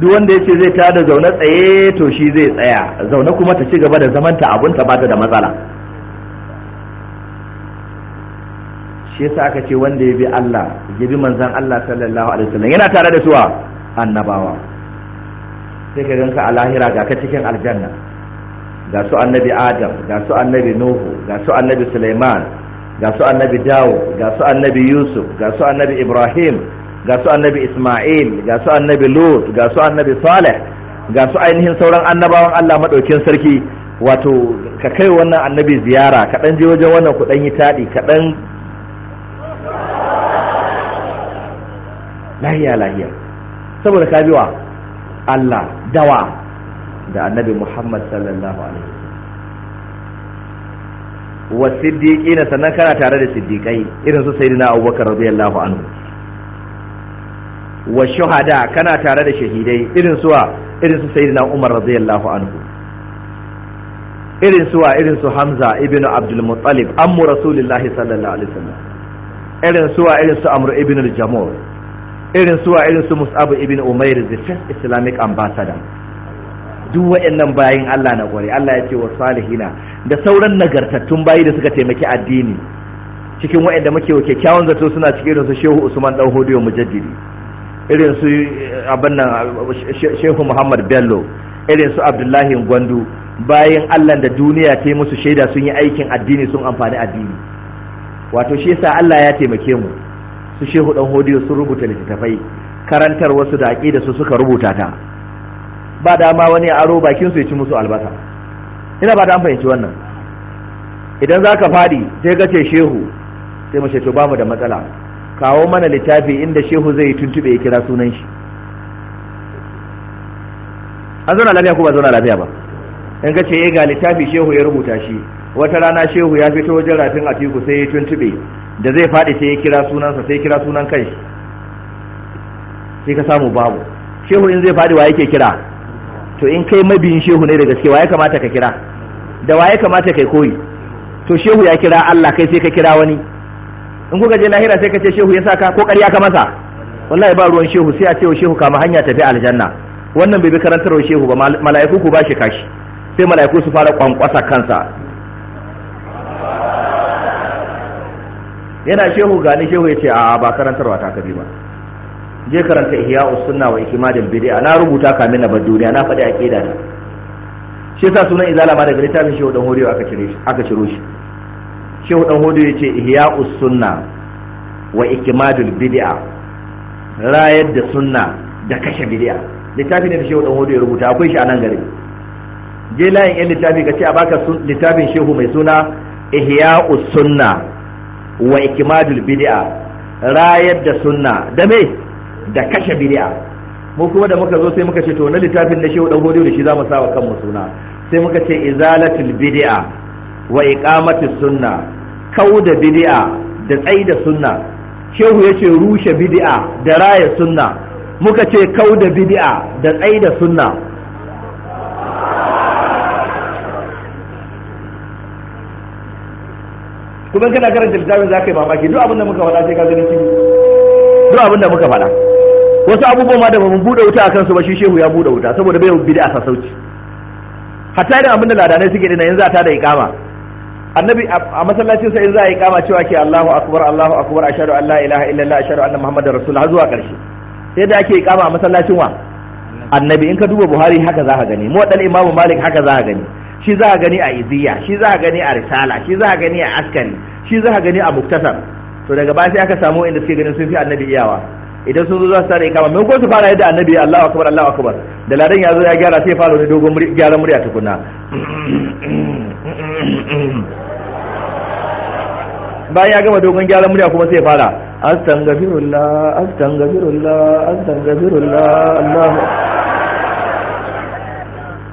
duk wanda ya ce zai tada zaune tsaye to shi zai tsaya zaune kuma ta ci gaba da zamanta ta ba ta da matsala shi yasa aka ce wanda ya bi Allah ya bi manzan Allah sallallahu alaihi wasallam yana tare da suwa annabawa sai ka ganka a lahira ga ka cikin aljanna ga su annabi Adam ga su annabi Nuhu ga su annabi Suleiman ga su annabi Dawo ga su annabi Yusuf ga su annabi Ibrahim ga su annabi Ismail ga su annabi Lut ga su annabi Saleh ga su ainihin sauran annabawan Allah madaukin sarki wato ka kai wannan annabi ziyara ka dan je wajen wannan ku dan yi tadi ka dan lahiya lahiya saboda ka biwa Allah dawa da annabi Muhammad sallallahu alaihi wa siddiqina sannan kana tare da siddiqai irin su sayyidina Abubakar radiyallahu anhu wa shuhada kana tare da shahidai irin wa irin su sayyidina Umar radiyallahu anhu irin wa irin su Hamza ibn Abdul Muttalib ammu Rasulullah sallallahu alaihi wasallam irin su wa irin su Amr ibn al-Jamur irin su wa irin su Mus'ab ibn Umair the first Islamic ambassador duk waɗannan bayin Allah na gore Allah ya ce wa salihina da sauran nagartattun bayi da suka taimaki addini cikin waɗanda muke wa kyakkyawan zato suna cikin irin su Shehu Usman Dan Hodiyo Mujaddidi irin su eh, abin nan Shehu Muhammad Bello irin su Abdullahi Gwandu bayin Allah da duniya ta yi musu shaida sun yi aikin addini sun amfani addini wato shi yasa Allah ya taimake mu su Shehu Dan Hodiyo sun rubuta littattafai karantar wasu da aƙida su suka rubuta ta ba dama wani aro bakin su ya ci musu albasa ina ba an fahimci wannan idan za ka faɗi sai ka ce shehu sai mu to ba mu da matsala kawo mana littafi inda shehu zai tuntube ya kira sunan shi an zauna lafiya ko ba zauna lafiya ba in ka ce eh, ga littafi shehu ya rubuta shi wata rana shehu ya fito wajen rafin atiku sai ya tuntube da zai faɗi sai ya kira sunansa sai ya kira sunan kai sai ka samu babu shehu in zai faɗi wa yake kira to in kai mabiyin shehu ne da gaske wa ya kamata ka kira da wa ya kamata kai koyi to shehu ya kira Allah kai sai ka kira wani in kuka je lahira sai ka ce shehu ya saka ko ƙarya ka masa wallahi ba ruwan shehu sai a ce shehu kama hanya tafi aljanna wannan bai bi karantarwar shehu ba mala'iku ku ba shi kashi sai mala'iku su fara kwankwasa kansa yana shehu gani shehu ya ce a ba karantarwa ta kabi ba je karanta ihya sunna wa ikmadul bid'a na rubuta kamin na bar duniya na faɗi keda na shi yasa sunan izala ma daga littafin shehu dan hodiyo aka cire shi aka ciro shi shehu dan hodiyo yace ihya sunna wa ikmadul bid'a rayar da sunna da kashe bid'a littafin da shehu dan hodiyo rubuta akwai shi a nan gari je layin yan littafi ka ce a baka littafin shehu mai suna ihya sunna wa ikmadul bid'a rayar da sunna da me da kashe bid'a mu kuma da muka zo sai muka ce to na littafin na shehu dan godiyo da shi zamu wa kanmu suna sai muka ce izalatul bid'a wa iqamatus sunna kauda bid'a da tsaida sunna shehu yace rushe bid'a da raya sunna muka ce kauda bid'a da tsaida sunna kuma kana karanta littafin zaka yi mamaki duk abin da muka faɗa sai ka gani duk abin da muka faɗa wasu abubuwan ma da ba mu bude wuta akan su ba shi shehu ya bude wuta saboda bai bid'a sa sauki hatta da abin da ladanai suke dina yanzu ta da iqama annabi a masallacin sa in za a iqama cewa ke Allahu akbar Allahu akbar ashhadu an la ilaha illallah ashhadu anna muhammadar rasulullah zuwa karshe sai da ake iqama a masallacin wa annabi in ka duba buhari haka za ka gani mu dan imamu malik haka za ka gani shi za ka gani a iziya shi za ka gani a risala shi za ka gani a askari shi za ka gani a muktasar to daga baya sai aka samu inda suke ganin sun fi annabi iyawa idan sun zo za su tare ikama mai ko su fara yadda annabi Allahu akbar Allahu akbar da ladan ya zo ya gyara sai fara wani dogon gyaran murya tukuna bayan ya gama dogon gyaran murya kuma sai fara astaghfirullah astaghfirullah astaghfirullah Allahu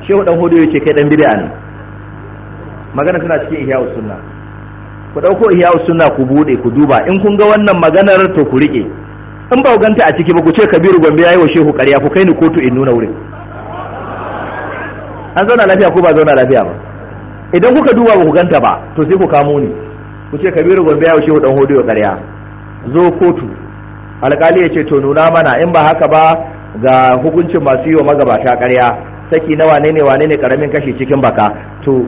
shehu dan hudu yake kai dan bid'a ne magana tana cikin ihya sunna ku dauko ihya sunna ku bude ku duba in kun ga wannan maganar to ku rike in ba ganta a ciki ba ku ce kabiru gombe yayi wa shehu ƙarya ku kai ni kotu in nuna wurin an zauna lafiya ko ba zauna lafiya ba idan kuka duba ba ku ganta ba to sai ku kamo ni ku ce kabiru gombe yayi wa shehu dan ya ƙarya zo kotu alƙali ya ce to nuna mana in ba haka ba ga hukuncin masu yi wa magabata ƙarya saki na wane ne wane ne karamin kashi cikin baka to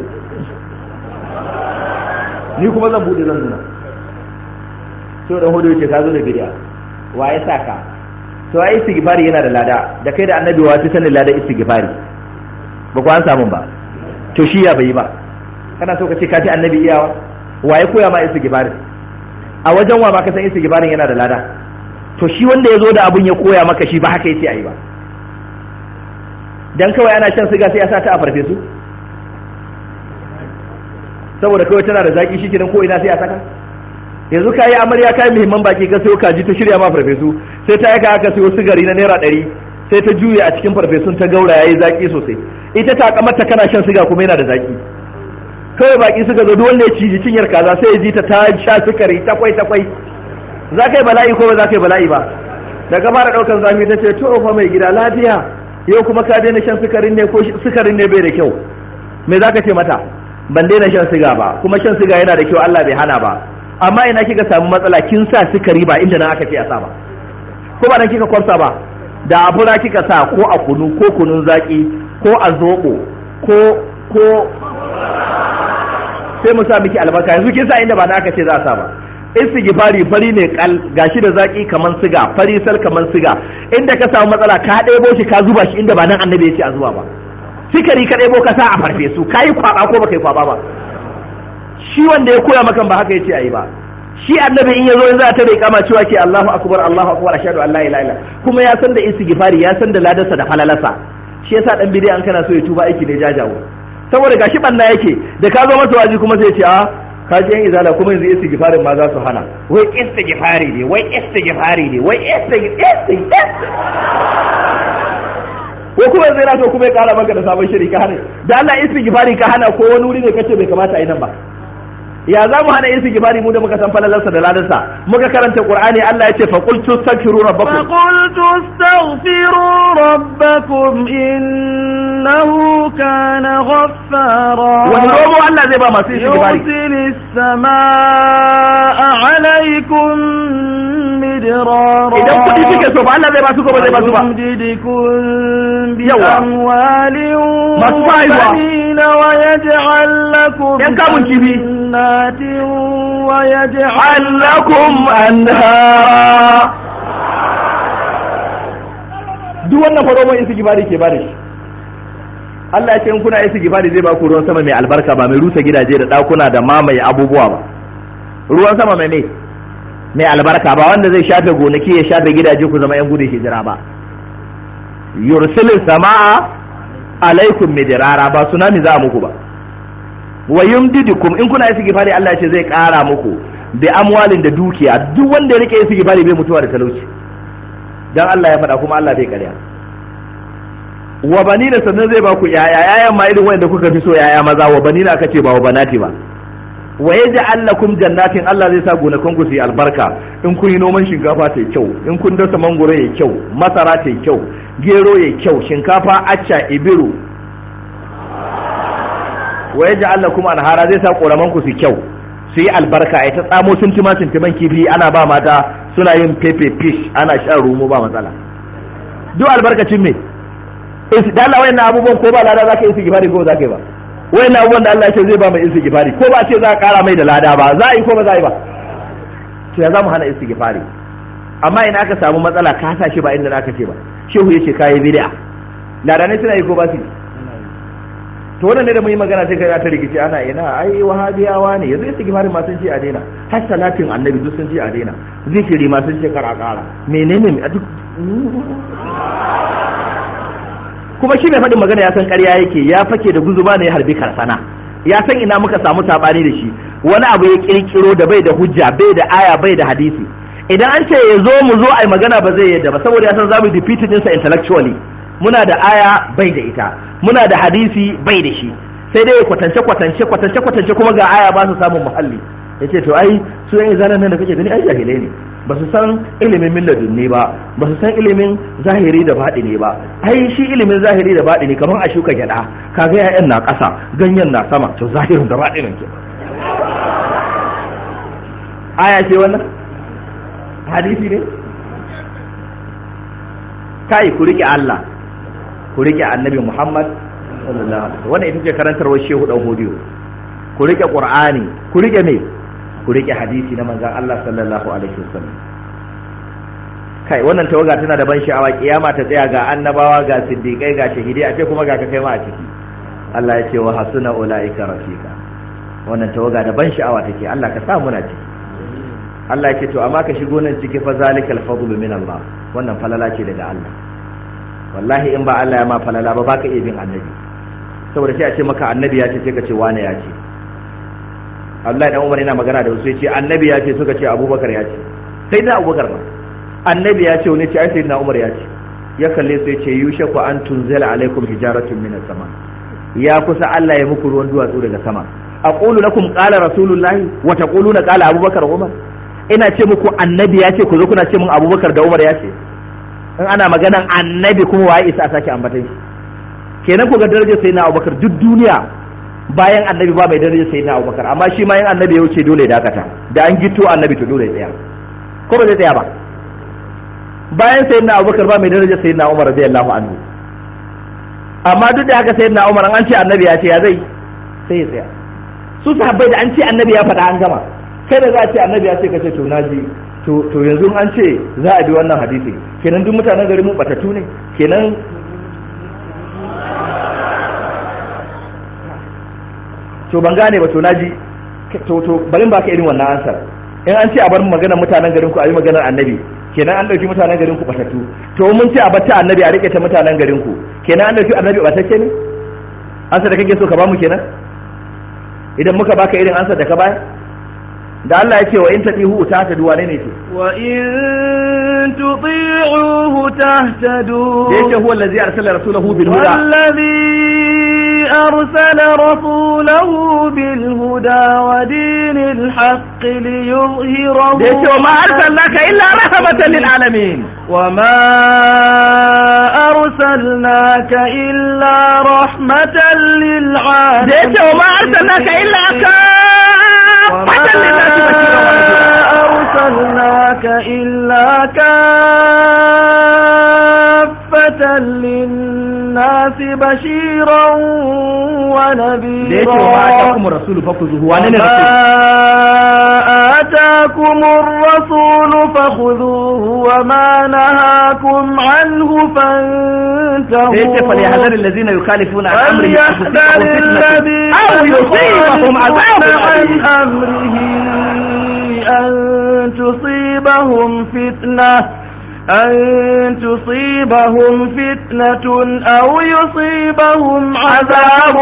ni kuma zan buɗe zan nuna sai hudu ya ce ka zo da bidiya wa ya saka to ai istighfari yana da lada da kai da annabi wa ta sanin lada istighfari ba ku an samu ba to shi ya bai ba kana so ka ce ka ji annabi iyawa wa ya koya ma istighfari a wajen wa ma ka san istighfarin yana da lada to shi wanda ya zo da abun ya koya maka shi ba haka yace ai ba dan kawai ana shan siga sai ya sa ta a farfesu saboda kawai tana da zaki shi kenan ko ina sai a saka yanzu ka yi amarya ka yi muhimman baki ka sayo kaji ta shirya ma farfesu sai ta aika aka sayo sigari na naira ɗari sai ta juya a cikin farfesun ta gaura yayi zaki sosai ita ta kamarta kana shan siga kuma yana da zaki kawai baki suka zo duk wanda ya ciji cinyar kaza sai ya ji ta ta sha sukari takwai takwai za ka yi bala'i ko ba za ka yi bala'i ba daga fara ɗaukar zafi ta ce to fa mai gida lafiya yau kuma ka daina shan sukarin ne ko sukarin ne bai da kyau me za ka ce mata ban daina shan siga ba kuma shan siga yana da kyau Allah bai hana ba amma ina kika samu matsala kin sa sukari ba inda nan aka ce a sa ba ko ba nan kika kwarsa ba da abura kika sa ko a kunu ko kunun zaki ko a zobo ko ko sai mu sa miki albarka yanzu kin sa inda ba na aka ce za a sa ba istighfari fari ne kal gashi da zaki kaman siga fari sal kaman siga inda ka samu matsala ka ɗebo shi ka zuba shi inda ba nan annabi ya ce a zuba ba sikari ka ɗebo ka sa a farfesu kayi kwaba ko baka yi kwaba ba shi wanda ya koya maka ba haka yace ayi ba shi annabi in yazo za ta bai kama cewa ke Allahu akbar Allahu akbar ashhadu an la ilaha illa kuma ya san da istighfari ya san da ladarsa da halalasa shi yasa dan bidai an kana so ya tuba aiki ne jajawo saboda gashi banna yake da ka zo masa waji kuma sai ya ce a ah, ka ji yan izala kuma yanzu istighfarin ma za su hana wai istighfari ne wai istighfari ne wai istighfari ko kuma zai rato kuma ya kara maka da sabon shiri ka hana da Allah istighfari ka hana ko wani wuri ne kace bai kamata a yi nan ba ya za mu hana gibari mu da muka san falalarsa da ladarsa muka karanta qur'ani Allah ya ce fa qul tastaghfiru rabbakum fa qul tastaghfiru rabbakum innahu kana ghaffara wani romo Allah zai ba masu gibari. istighfari yusilis samaa alaikum إدرارا إذا كنت تلك سوف الله زي باسوك وزي باسوك يمددكم بأموال وبنين ويجعل لكم جنات ويجعل لكم أنهارا duk wannan faro mai isi gibari ke bari Allah ya ce in kuna isi gibari zai ba ku ruwan sama mai albarka ba mai rusa gidaje da dakuna da mamaye abubuwa ba ruwan sama mai ne mai albarka ba wanda zai shafe gonaki ya shafe gidaje ku zama yan gudun hijira ba yursilin sama'a alaikum midirara ba tsunami za muku ba wa yumdidukum in kuna sigifari Allah ce zai kara muku da amwalin da dukiya duk wanda ya rike sigifari bai mutuwa da talauci dan Allah ya faɗa kuma Allah bai karya wa banina sannan zai ba ku yaya yayan ma irin wanda kuka fi so yaya maza wa banina kace ba wa banati ba wa yaj'al lakum jannatin Allah zai sa gonakan ku su yi albarka in kun yi noman shinkafa ta kyau in kun dasa mangoro ya kyau masara ta kyau gero ya kyau shinkafa acca ibiru wa yaj'al lakum anhara zai sa koraman ku su kyau su yi albarka ya ta tsamo sintima sintiman kifi ana ba mata suna yin pepe fish ana shan rumo ba matsala duk albarkacin me da Allah wayannan abubuwan ko ba lada zaka yi su gifari ko zaka yi ba Wai na abubuwan da Allah ya ce zai ba mai istighfari ko ba ce za a kara mai da lada ba za a yi ko ba za a yi ba to ya za mu hana istighfari amma ina aka samu matsala ka sa shi ba inda aka ce ba shehu yace kai bid'a ladanai suna yi ko ba su to wannan ne da muyi magana sai kai ta rikice ana ina ai wahabiyawa ne yanzu istighfarin ma sun ce a daina har salatin annabi duk sun ce a daina zikiri ma sun ce kara a kara menene a duk kuma shi mai faɗin magana ya san ƙarya yake ya fake da guzuma ne harbi karsana ya san ina muka samu sabani da shi wani abu ya kirkiro da bai da hujja bai da aya bai da hadisi idan an ce ya zo mu zo ai magana ba zai yadda ba saboda ya san zamu defeat sa intellectually muna da aya bai da ita muna da hadisi bai da shi sai dai kwatance kwatance kwatance kwatance kuma ga aya ba su samun muhalli ya ce to ai su yan izalan nan da kake gani ai jahilai ne ba su san ilimin milladun ne ba ba su san ilimin zahiri da baɗi ne ba ai shi ilimin zahiri da baɗi ne kamar a shuka gyaɗa kaga ya'yan na ƙasa ganyen na sama to zahirin da baɗi ne aya ce wannan hadisi ne kai ku rike Allah ku rike annabi Muhammad sallallahu alaihi wasallam wannan ita ce karantarwar shehu dan hodiyo ku rike qur'ani ku rike me ku rike hadisi na manzon Allah sallallahu alaihi wasallam kai wannan tawaga tana da ban sha'awa kiyama ta tsaya ga annabawa ga siddiqai ga shahidi a ce kuma ga ka kai ma a ciki Allah ya ce wa hasuna ulaika rafiqa wannan tawaga da ban sha'awa take Allah ka sa muna ciki Allah ya ce to amma ka shigo nan ciki fa zalikal fadlu min Allah wannan falala ce daga Allah wallahi in ba Allah ya ma falala ba baka iya bin annabi saboda sai a ce maka annabi ya ce sai ka ce wane ya ce Allah dan Umar yana magana da wasu yace annabi ya ce suka ce Abubakar ya ce sai na Abubakar ma annabi ya ce wani ce ai sayyidina Umar ya ce ya kalle su yace yushaku an tunzila alaikum hijaratun minas sama ya kusa Allah ya muku ruwan duwatsu daga sama aqulu lakum qala rasulullahi wa taquluna qala Abubakar Umar ina ce muku annabi ya ce ku zo kuna ce mun Abubakar da Umar ya ce in ana maganan annabi kuma waye isa sake ambatai. shi kenan ku ga darajar sai na Abubakar duk duniya bayan annabi ba mai daraja sayyidina abubakar amma shi ma yan annabi ya wuce dole ya dakata da an gito annabi to dole ya tsaya ko ba zai tsaya ba bayan sayyidina abubakar ba mai daraja sayyidina umar radiyallahu anhu amma duk da haka sayyidina umar an ce annabi ya ce ya zai sai ya tsaya su sahabbai da an ce annabi ya faɗa an gama kai da za a ce annabi ya ce kace to na to to yanzu an ce za a bi wannan hadisi kenan duk mutanen gari mu batatu ne kenan to ban gane ba to naji to to bari ka irin wannan ansar in an ce a bar maganar mutanen garin ku a yi maganar annabi kenan an dauki mutanen garin ku batattu to mun ce a bar ta annabi a rike ta mutanen garin ku kenan an dauki annabi batacce ne ansar da kake so ka bamu kenan idan muka baka irin ansar da ka bayar da Allah ya ce wa in tabihu ta ta duwa ne ne ce wa in tuti'uhu tahtadu yake huwa allazi arsala rasulahu bil huda wallazi أرسل رسوله بالهدى ودين الحق ليظهره وما أرسلناك إلا رحمة للعالمين وما أرسلناك إلا رحمة للعالمين وما أرسلناك إلا كافة للناس أرسلناك إلا كافة للناس للناس بشيرا ونذيرا وما آتاكم الرسول فخذوه وما آتاكم الرسول فخذوه وما نهاكم عنه فانتهوا فليحذر الذين يخالفون عن أمره أو يصيبهم عذاب عن أمره أن تصيبهم فتنة أن تصيبهم فتنة أو يصيبهم عذاب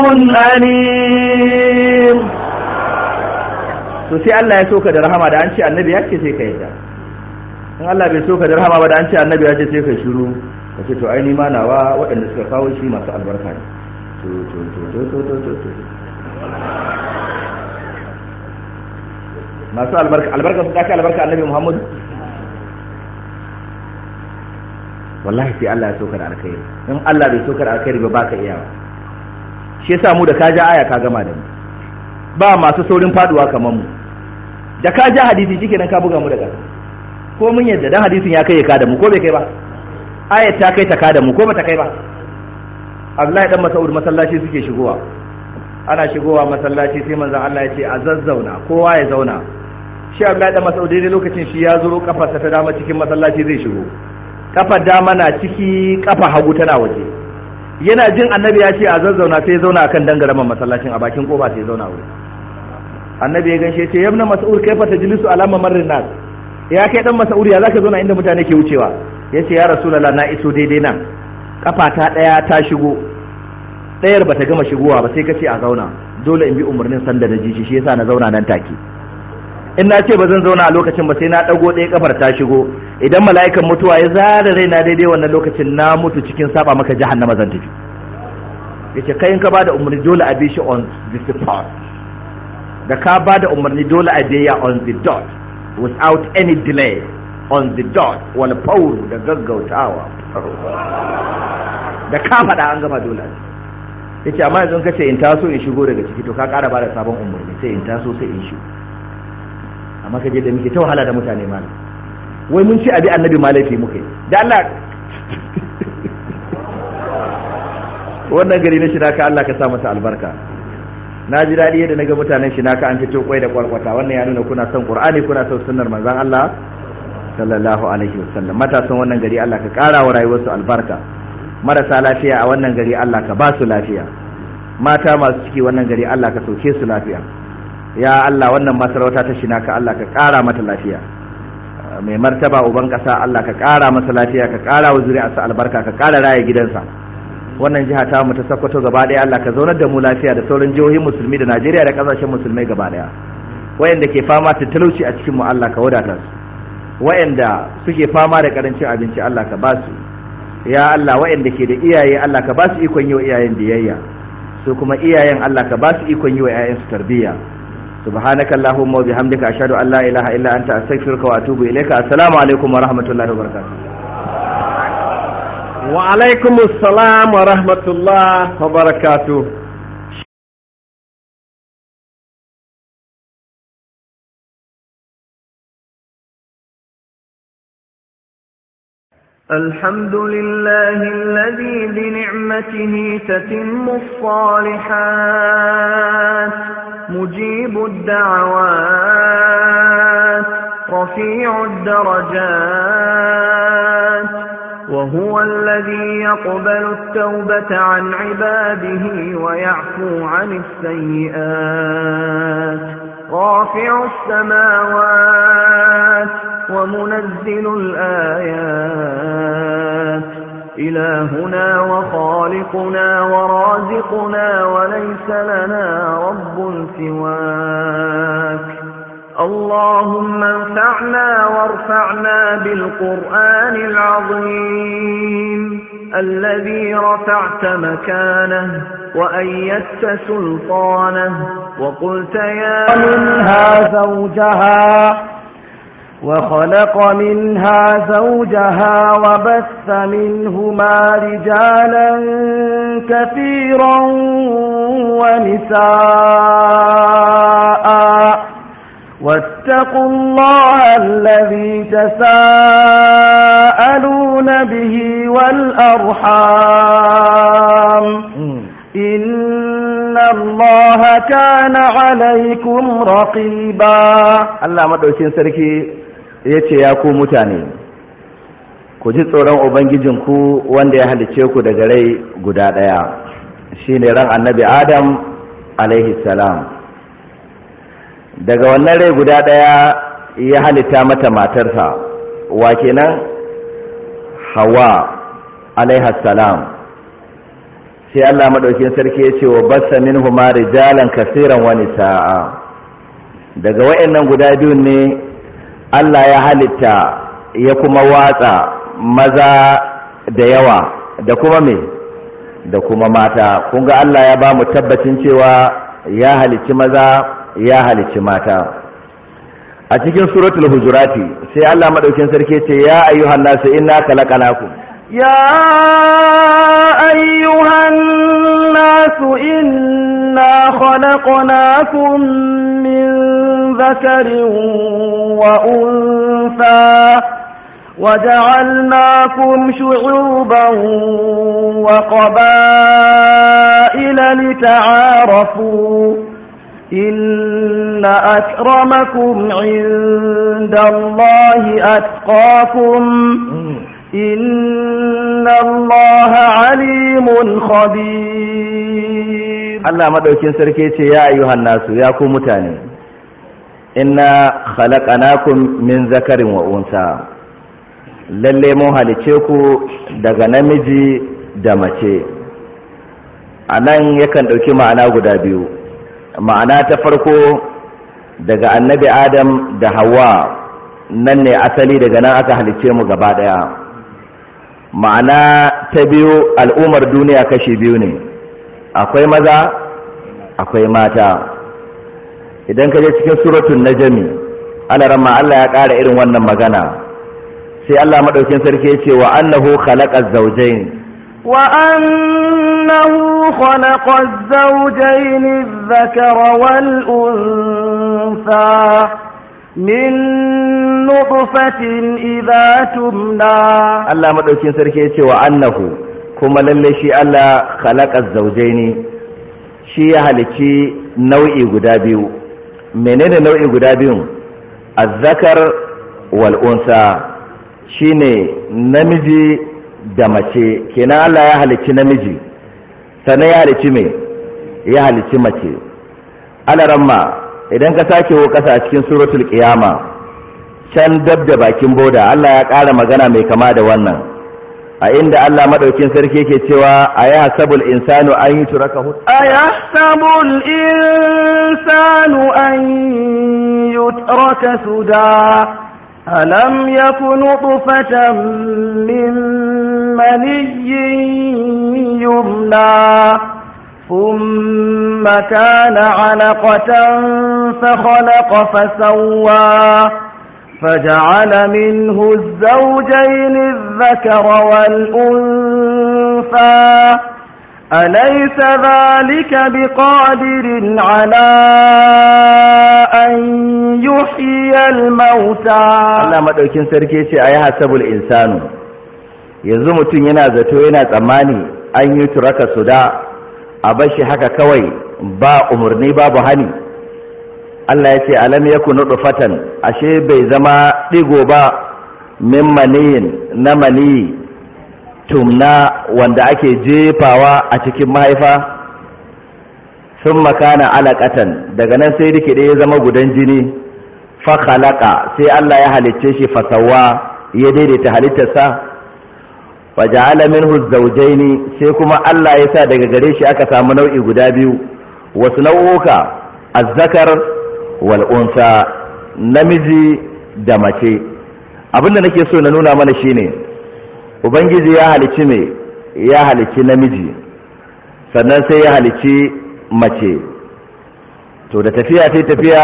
أليم to sai Allah ya soka da rahama da an ce annabi ya ce sai ka yi in Allah bai soka da rahama ba da an ce annabi ya ce sai ka shiru ka ce to ai ma nawa waɗanda suka kawo shi masu albarka ne to to to to to to to masu albarka albarka su ta albarka annabi Muhammadu wallahi sai Allah ya saukar alkhairi in Allah bai saukar alkhairi ba baka iya ba shi yasa mu da kaja aya ka gama da mu ba masu saurin faduwa kamar mu da ka ja hadisi shikenan ka buga mu da ko mun yadda dan hadisin ya kai ya da mu ko bai kai ba aya ta kai ta kada mu ko ba ta kai ba Abdullahi dan Mas'ud masallaci suke shigowa ana shigowa masallaci sai manzon Allah ya ce a zazzauna kowa ya zauna shi Abdullahi dan Mas'ud dai lokacin shi ya zuro kafarsa ta dama cikin masallaci zai shigo kafa dama na ciki kafa hagu tana waje yana jin annabi ya ce a zazzauna sai zauna kan dangaraman masallacin a bakin kofa sai zauna wuri annabi ya ganshe ce yabna mas'ud kaifa tajlisu ala mamarrin nas ya kai dan mas'ud ya zaka zauna inda mutane ke wucewa yace ya rasulullah na iso daidai nan kafa ta daya ta shigo dayar bata gama shigowa ba sai kace a zauna dole in bi umarnin sanda da jiji shi yasa na zauna nan take in na ce ba zan zauna a lokacin ba sai na ɗago ɗaya kafar ta shigo idan mala'ikan mutuwa ya zara rai na daidai wannan lokacin na mutu cikin saba maka jahannama zan tafi yace kai in ka bada umarni dole a bi shi on the spot da ka bada umarni dole a biya on the dot without any delay on the dot wani fawru da gaggautawa da ka faɗa an gama dole yace amma yanzu ka ce in taso in shigo daga ciki to ka ƙara bada sabon umarni sai in taso sai in shigo amma ka je da muke ta wahala da mutane mana wai mun ci abi annabi ma laifi muke da Allah [laughs] wannan gari na shinaka Allah ka sa masa albarka na ji daɗi yadda na ga mutanen shinaka an fito kwai da kwarkwata wannan ya nuna kuna son qur'ani kuna son sunnar manzon Allah sallallahu alaihi wasallam matasan wannan gari Allah ka ƙara wa rayuwarsu albarka marasa lafiya a wannan gari Allah ka ba su lafiya mata masu ciki wannan gari Allah ka sauke su lafiya ya Allah wannan masarauta ta shi naka Allah ka ƙara mata lafiya mai martaba uban ƙasa Allah ka ƙara masa lafiya ka ƙara wa zuri'arsa albarka ka ƙara raya gidansa wannan jiha ta mu ta Sokoto gaba ɗaya Allah ka zaunar da mu lafiya da sauran jihohin musulmi da Najeriya da ƙasashen musulmai gaba ɗaya wayanda ke fama da talauci a cikin mu Allah ka wadata su wayanda suke fama da karancin abinci Allah ka ba su ya Allah wayanda ke da iyaye Allah ka ba su ikon yi wa iyayen biyayya su kuma iyayen Allah ka ba su ikon yi wa 'ya'yansu tarbiyya سبحانك اللهم وبحمدك أشهد أن لا إله إلا أنت أستغفرك وأتوب إليك السلام عليكم ورحمة الله وبركاته وعليكم السلام ورحمة الله وبركاته الحمد لله الذي بنعمته تتم الصالحات مجيب الدعوات رفيع الدرجات وهو الذي يقبل التوبة عن عباده ويعفو عن السيئات رافع السماوات ومنزل الآيات إلهنا وخالقنا ورازقنا وليس لنا رب سواك اللهم انفعنا وارفعنا بالقرآن العظيم الذي رفعت مكانه وأيدت سلطانه وقلت يا منها زوجها وخلق منها زوجها وبث منهما رجالا كثيرا ونساء واتقوا الله الذي تساءلون به والأرحام إن الله كان عليكم رقيبا الله ما دوكين سركي ya ce ya ku mutane ku ji tsoron ubangijinku wanda ya halice ku daga rai guda ɗaya shi ne ran annabi adam alaihi salam daga wannan rai guda ɗaya ya halitta mata matarsa wa kenan hawa alaihi salam sai Allah maɗaukin sarki ya ce wa basa min rijalan kasiran wani sa'a daga wa'annan guda biyun ne Allah ya halitta ya kuma watsa maza da yawa da kuma me da kuma mata kun ga Allah ya ba mu tabbacin cewa ya halicci maza ya halicci mata a cikin suratul hujurati sai Allah madaukin sarki ce ya ayyuhan nasu inna khalaqnakum يا أيها الناس إنا خلقناكم من ذكر وأنثى وجعلناكم شعوبا وقبائل لتعارفوا إن أكرمكم عند الله أتقاكم إن الله عليم خبير الله مدوكين سركيتي يا أيها الناس يا كومتاني إنا min zakarin wa وأنثى lalle mun halice ku daga namiji da mace a nan yakan ɗauki ma'ana guda biyu ma'ana ta farko daga annabi adam da Hauwa, nan ne asali daga nan aka halice mu gaba ɗaya ma'ana ta biyu al'ummar duniya kashi biyu ne akwai maza akwai mata idan ka je cikin suratun najami ana rama Allah ya ƙara irin wannan magana sai Allah maɗaukin sarki ya ce wa annahu khalaqa zawjayn wa annahu khalaqa zawjayn dhakara wal min nutfatin idza tumna Allah madaukin sarki ya ce wa annahu kuma lalle shi Allah khalaqa zawjaini shi ya halici nau'i guda biyu menene nau'i guda biyun azzakar wal unsa shine namiji da mace kenan Allah ya halici namiji sannan ya halici me ya halici mace alaramma idan ka sake wo kasa a cikin suratul qiyama can dab da bakin boda Allah ya ƙara magana mai kama da wannan a inda Allah madaukin sarki yake cewa aya sabul insanu an yi turaka aya sabul insanu an yutraka suda alam yakun nutfatan min maniyyin yumna ثم كان علقة فخلق فسوى فجعل منه الزوجين الذكر والأنثى أليس ذلك بقادر على أن يحيي الموتى الله ما دوkin sarki yace ayi hasabul insanu yanzu mutun yana zato yana tsammani an yi turaka suda a bashi haka kawai ba umarni babu hani Allah ya ce alam kuna dufatan ashe bai zama digo ba min maniyin na maniyi tumna wanda ake jefawa a cikin mahaifa sun makana alaƙatan daga nan sai rikide ya zama gudan jini fa khalaqa sai Allah ya halicce shi fasawa ya daidaita halittarsa faja'ala minhu zawjayn sai kuma Allah ya sa daga gare shi aka samu nau'i guda biyu wasu nau'uka azzakar wal unsa namiji da mace abinda nake so na nuna mana shine ubangiji ya halici me ya halici namiji sannan sai ya halici mace to da tafiya sai tafiya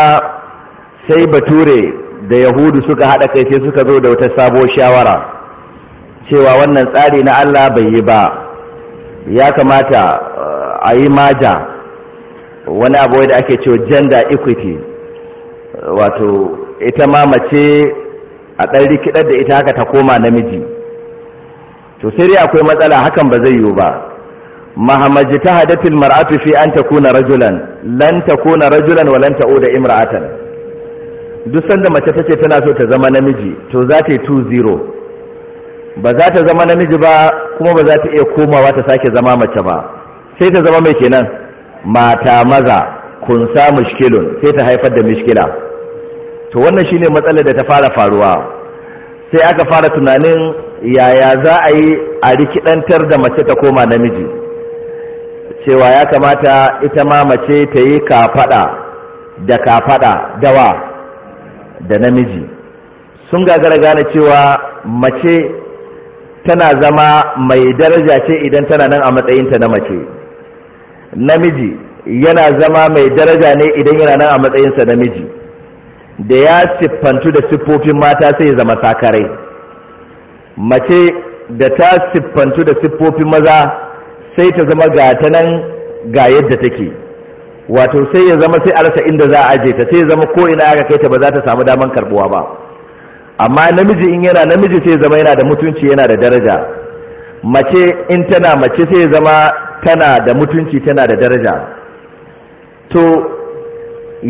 sai bature da yahudu suka hada kai sai suka zo da wata sabuwar shawara cewa wannan tsari na Allah bai yi ba ya kamata uh, a yi maja wani abu da ake cewa gender equity uh, wato ita ma mace a ɗan rikidar da ita haka ta koma namiji to sai dai akwai matsala hakan ba zai yiwu ba mahamaji ta hadatil mar'atu fi an takuna rajulan lan takuna rajulan wa lan da imra'atan duk sanda mace tace tana so ta zama namiji to za ta yi 2-0. ba za ta zama namiji ba kuma ba za ta iya komawa ta sake zama mace ba sai ta zama mai kenan mata maza kun sa mushkilun sai ta haifar da mishkila to wannan shine matsalar da ta fara faruwa sai aka fara tunanin yaya za a yi a rikidantar da mace ta koma namiji cewa ya kamata ita ma mace ta yi kafada da kafada dawa da namiji sun gagara gane cewa mace tana zama mai daraja ce idan tana nan a matsayinta na mace namiji yana zama mai daraja ne idan yana nan a matsayinsa namiji da ya siffantu da siffofin mata sai ya zama sakarai mace da ta siffantu da siffofin maza sai ta zama ga ta nan ga yadda take wato sai ya zama sai a rasa inda za a aje ta sai ya zama ko ina aka kai ta ba za ta samu damar karbuwa ba amma namiji in yana namiji sai zama yana da mutunci yana da daraja mace in tana mace sai zama tana da mutunci tana da daraja to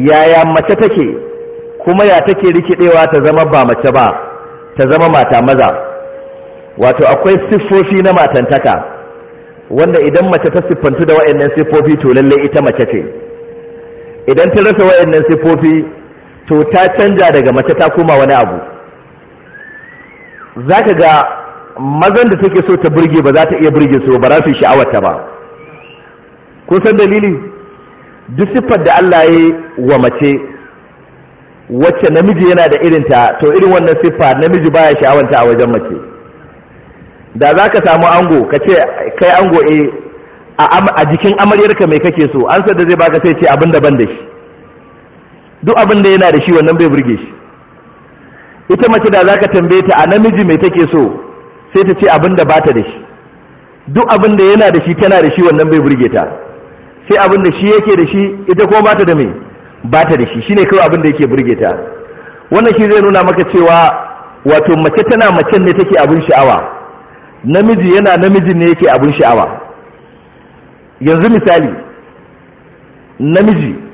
yaya mace take kuma ya take rikidewa ta zama ba mace ba ta zama mata maza wato akwai siffofi na matantaka wanda idan mace ta siffantu da wayannan siffofi to lalle ita mace ce idan ta rasa wayannan siffofi to ta canja daga mace ta koma wani abu za ka ga mazan da take so ta burge ba za ta iya burge su ba za su yi sha'awarta ba kun san dalili duk siffar da Allah ya yi wa mace wacce namiji yana da irinta to irin wannan siffa namiji baya sha'awanta a wajen mace da za ka samu ango ka ce kai ango e a jikin amaryarka mai kake so an da zai baka sai ce abin da ban da shi duk abin da yana da shi wannan bai burge shi ita mace da zaka tambaye ta a namiji mai take so sai ta ce abin da bata da shi duk abin da yana da shi tana da shi wannan bai burge ta sai abin da shi yake da shi ita kuma bata da mai bata da shi shine kawai abin da yake burge ta wannan shi zai nuna maka cewa wato mace tana mace ne take abin sha'awa namiji yana namijin ne yake abin sha'awa yanzu misali namiji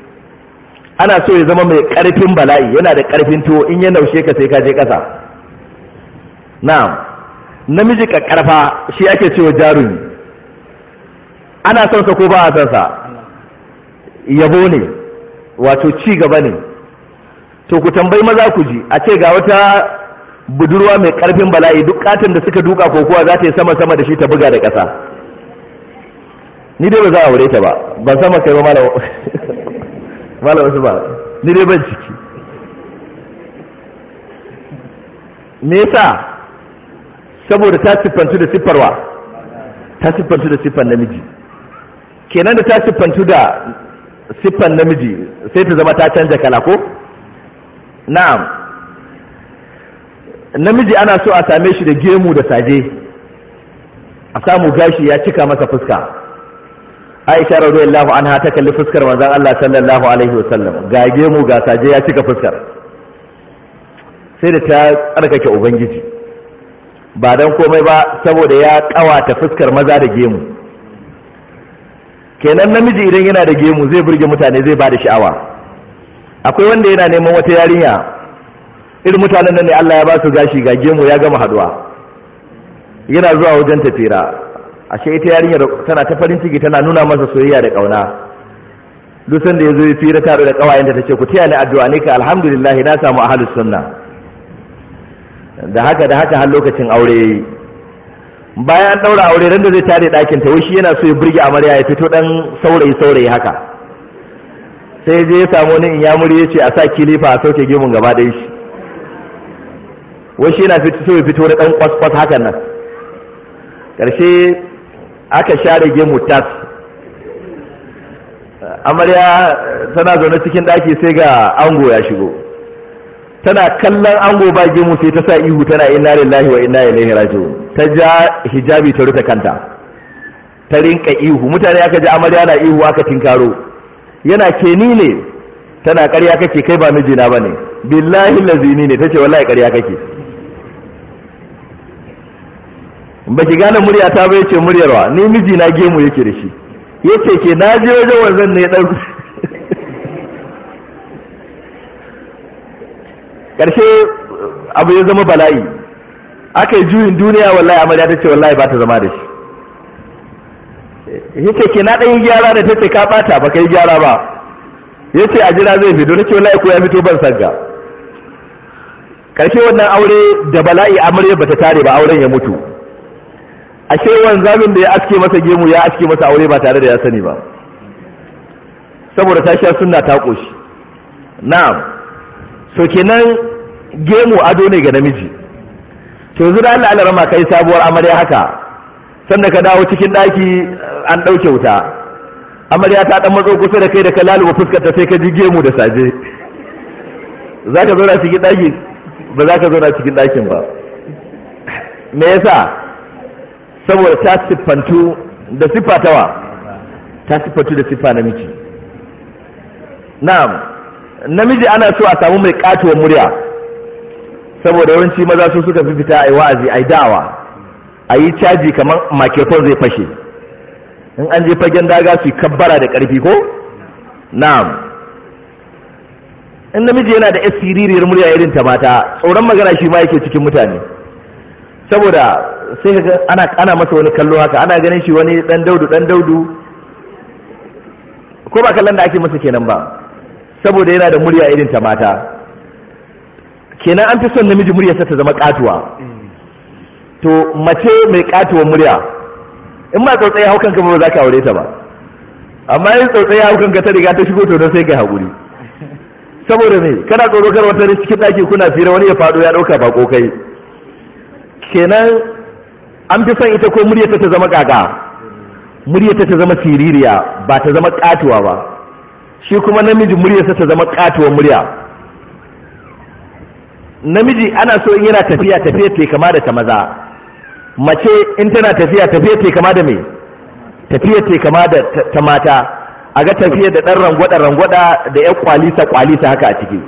ana so ya zama mai karfin bala'i yana da karfin tuwo in ya naushe ka sai ka je kasa na'am namiji ka karfa shi ake cewa jarumi ana son sa ko ba a son sa yabo ne wato ci gaba ne to ku tambayi maza ku ji a ce ga wata budurwa mai karfin bala'i duk katin da suka duka kokowa za ta yi sama sama da shi ta buga da kasa ni dai ba za a aure ta ba ban sama kai ba malam malam wasu ba ni dai ban ciki me yasa saboda ta siffantu da siffarwa ta siffantu da siffar namiji kenan da ta siffantu da siffar namiji sai ta zama ta canja kala ko na'am namiji ana so a same shi da gemu da saje a samu gashi ya cika masa fuska aisha radiyallahu anha ta kalli fuskar manzon Allah sallallahu alaihi wasallam gage mu ga saje ya cika fuskar sai da ta tsarkake ubangiji ba dan komai ba saboda ya kawata fuskar maza da gemu kenan namiji idan yana da gemu zai burge mutane zai bada sha'awa akwai wanda yana neman wata yarinya irin mutanen nan ne Allah ya ba su gashi ga gemu ya gama haduwa yana zuwa wajen tafira ashe ita yarinyar tana ta farin ciki tana nuna masa soyayya da kauna duk sanda ya zo ya fira taro da kawayenta ta ce ku taya ni addu'a ne ka alhamdulillah na samu ahlus sunna da haka da haka har lokacin aure yayi bayan an daura aure ran da zai tare dakin ta wai yana so ya burge amarya ya fito dan saurayi saurayi haka sai je ya samu wani inyamuri ya ce a sa kilifa a sauke gemun gaba da shi wai shi yana fito so ya fito da dan kwaskwas hakan nan karshe aka share gemu tas amarya tana zaune cikin ɗaki sai ga ango ya shigo tana kallon ango ba gemu sai ta sa ihu tana inna lillahi wa inna ilaihi raji'un ta ja hijabi ta rufe kanta ta rinka ihu mutane aka ji amarya na ihu aka tinkaro yana keni ne tana ƙarya kake kai ba mijina bane billahi lazini ne tace wallahi ƙarya kake ba ki gane murya ta ba ce muryarwa ni miji na gemu yake da shi yace ke na je wajen wannan ne dan karshe [laughs] abu ya zama bala'i aka yi juyin duniya wallahi amarya ta ce wallahi ba ta zama da shi yace ke na dan yi gyara da tace ka bata ba kai gyara ba yace a jira zai fito nace wallahi ko ya fito ban sagga karshe wannan aure da bala'i amarya bata tare ba auren ya mutu ashe wanzamin da ya aske masa gemu ya aske masa aure ba tare da ya sani ba saboda ta suna sunna ta koshi na'am so kenan gemu ado ne ga namiji to yanzu da Allah Allah rama kai sabuwar amarya haka sanda ka dawo cikin daki eh, an dauke wuta amarya ta dan matso kusa da kai da kalalu fuskar ta sai ka ji gemu da saje zaka zauna cikin daki zauna cikin dakin ba me yasa saboda ta siffantu da siffa ta siffantu da siffa namiji na'am namiji ana so a samu mai katuwar murya saboda yawanci maza su suka fi fita a yi wa'azi a yi dawa a yi caji kamar makefon zai fashe in an je fagen daga su kabbara da karfi ko na'am in namiji yana da yasiririyar murya irin ta mata tsoron magana shi ma yake cikin mutane saboda sai ga ana ana masa wani kallo haka ana ganin shi wani dan daudu dan daudu ko ba kallon da ake masa kenan ba saboda yana da murya irin ta mata kenan an fi son namiji muryarsa ta zama katuwa to mace mai katuwa murya in ma tsautsayi haukan ka ba za ka aure ta ba amma in tsautsayi haukan ka ta riga ta shigo to don sai kai haƙuri saboda me kana tsoro kar wata cikin ɗaki kuna fira wani ya faɗo ya ɗauka ba kokai kenan an fi son ita ko muryarta ta zama gaga, muryarta ta zama siririya ba ta zama katuwa ba shi kuma namiji muryarsa ta zama katuwa murya namiji ana so in yana tafiya tafiya ta kama da ta maza mace in tana tafiya tafiya ta kama da me tafiya ta kama da ta mata a ga tafiya da ɗan rangwada rangwada da ya kwalisa kwalisa haka a ciki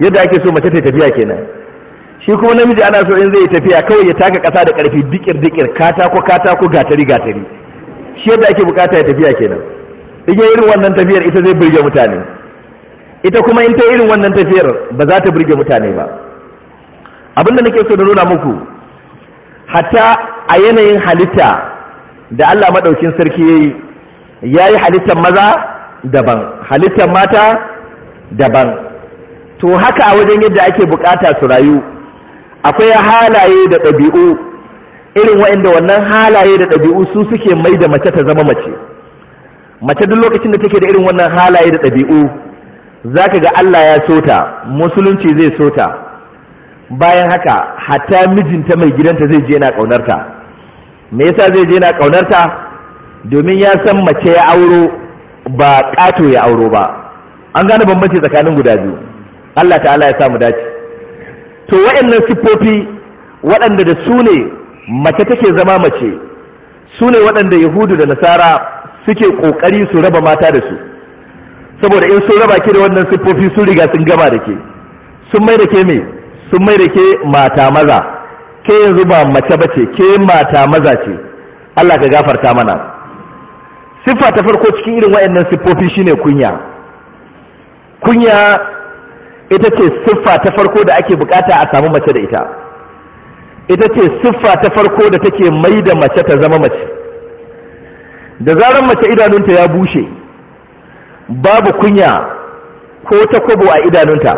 yadda ake so mace ta tafiya kenan shi kuma namiji ana so in zai tafiya kawai ya taka ƙasa da ƙarfi dikir dikir katako katako gatari gatari shi yadda ake bukata ya tafiya kenan in irin wannan tafiyar ita zai burge mutane ita kuma in ta irin wannan tafiyar ba za ta burge mutane ba abin da nake so na nuna muku hatta a yanayin halitta da Allah maɗaukin sarki yayi yi halittar maza daban halittar mata daban to haka a wajen yadda ake bukata su rayu akwai halaye da ɗabi'u irin waɗanda wannan halaye da ɗabi'u su suke mai da mace ta zama mace mace duk lokacin da take da irin wannan halaye da ɗabi'u za ka ga Allah ya so ta musulunci zai so ta bayan haka hatta mijinta mai gidanta zai je yana ƙaunarta me yasa zai je yana ƙaunarta domin ya san mace ya auro ba ƙato ya auro ba an gane bambanci tsakanin guda biyu Allah ta'ala ya sa mu dace to waɗannan siffofi waɗanda da su ne mace take zama mace su ne waɗanda yahudu da nasara suke ƙoƙari su raba mata da su saboda in sun raba ke da wannan siffofi sun riga sun gama da ke sun mai da ke me sun mai da ke mata maza ke yanzu ba mace ba ce ke mata maza ce Allah ka gafarta mana siffa ta farko cikin irin waɗannan siffofi shine kunya kunya ita ce siffa ta farko da ake bukata a samu mace da ita ita ce siffa ta farko da take mai da mace ta zama mace da zarar mace idanunta ya bushe babu kunya ko ta kwabo a idanunta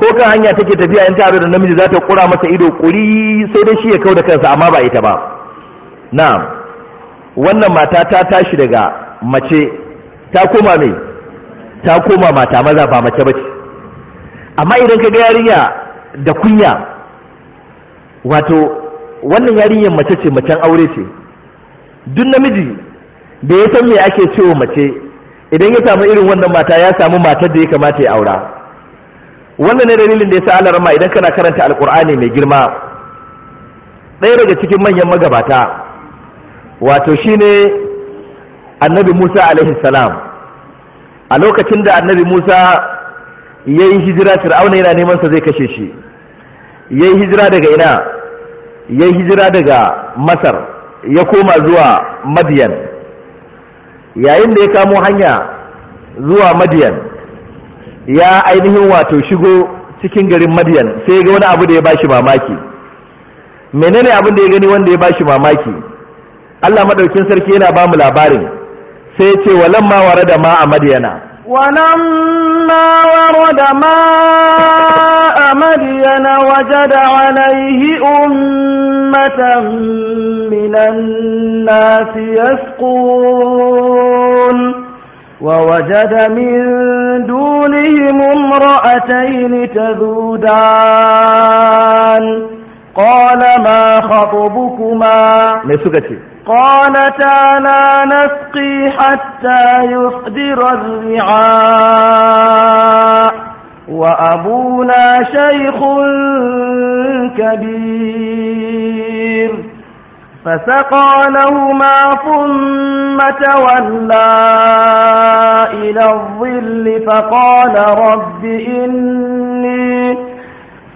ko kan hanya take tafiya in tare da namiji za ta kura masa ido kuri sai dai shi ya kau da kansa amma ba ita ba na wannan mata ta tashi daga mace ta koma mai ta koma mata maza ba mace ba ce. amma idan ka ga yarinya da kunya wato wannan yarinyar mace ce macen aure ce duk namiji da ya san me ake cewa mace idan ya samu irin wannan mata ya samu matar da ya kamata ya aura wannan ne dalilin da ya sa Allah rama idan kana karanta alkur'ani mai girma ɗaya daga cikin manyan magabata wato shine annabi Musa alaihi a lokacin da annabi Musa ya yi hijira fir'auna yana neman sa zai kashe shi ya yi hijira daga ina ya yi hijira daga masar ya koma zuwa madiyan yayin da ya kamo hanya zuwa madiyan ya ainihin wato shigo cikin garin madiyan sai ya ga wani abu da ya bashi mamaki menene abin da ya gani wanda ya bashi mamaki allah madaukin sarki yana ba mu labarin sai ya ce walamma ware da ma a madiyana ولما ورد ماء مدين وجد عليه أمة من الناس يسقون ووجد من دونهم امرأتين تذودان قال ما خطبكما قال تعالى نسقي حتى يحضر الرعاء وأبونا شيخ كبير فسقى لهما ثم تولى إلى الظل فقال رب إني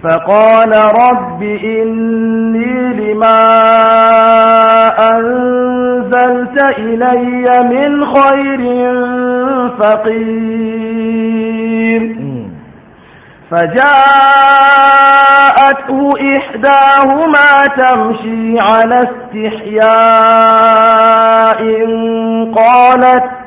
فقال رب إني لما أنزلت إلي من خير فقير فجاءته إحداهما تمشي على استحياء قالت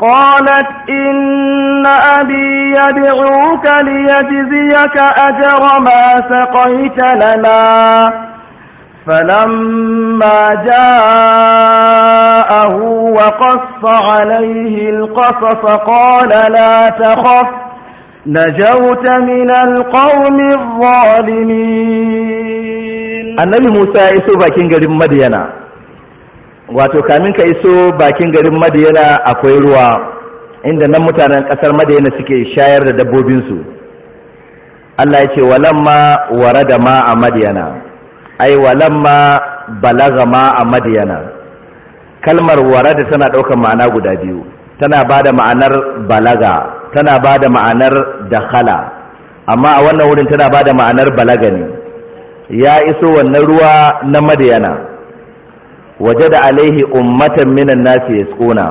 قالت إن أبي يدعوك ليجزيك أجر ما سقيت لنا فلما جاءه وقص عليه القصص قال لا تخف نجوت من القوم الظالمين النبي موسى يسوع كان غريب مدينه wato kamin ka iso bakin garin madiyana akwai ruwa inda nan mutanen ƙasar madiyana suke shayar da dabbobinsu Allah ya ce walamma warada ma a madiyana ai walamma balaga ma a madiyana kalmar warada tana ɗaukar ma'ana guda biyu tana ba da ma'anar balaga tana ba da ma'anar dakhala amma a wannan wurin tana ba da ma'anar balaga ne ya iso wannan ruwa na madiyana wajada alaihi ummatan minan nasi yasquna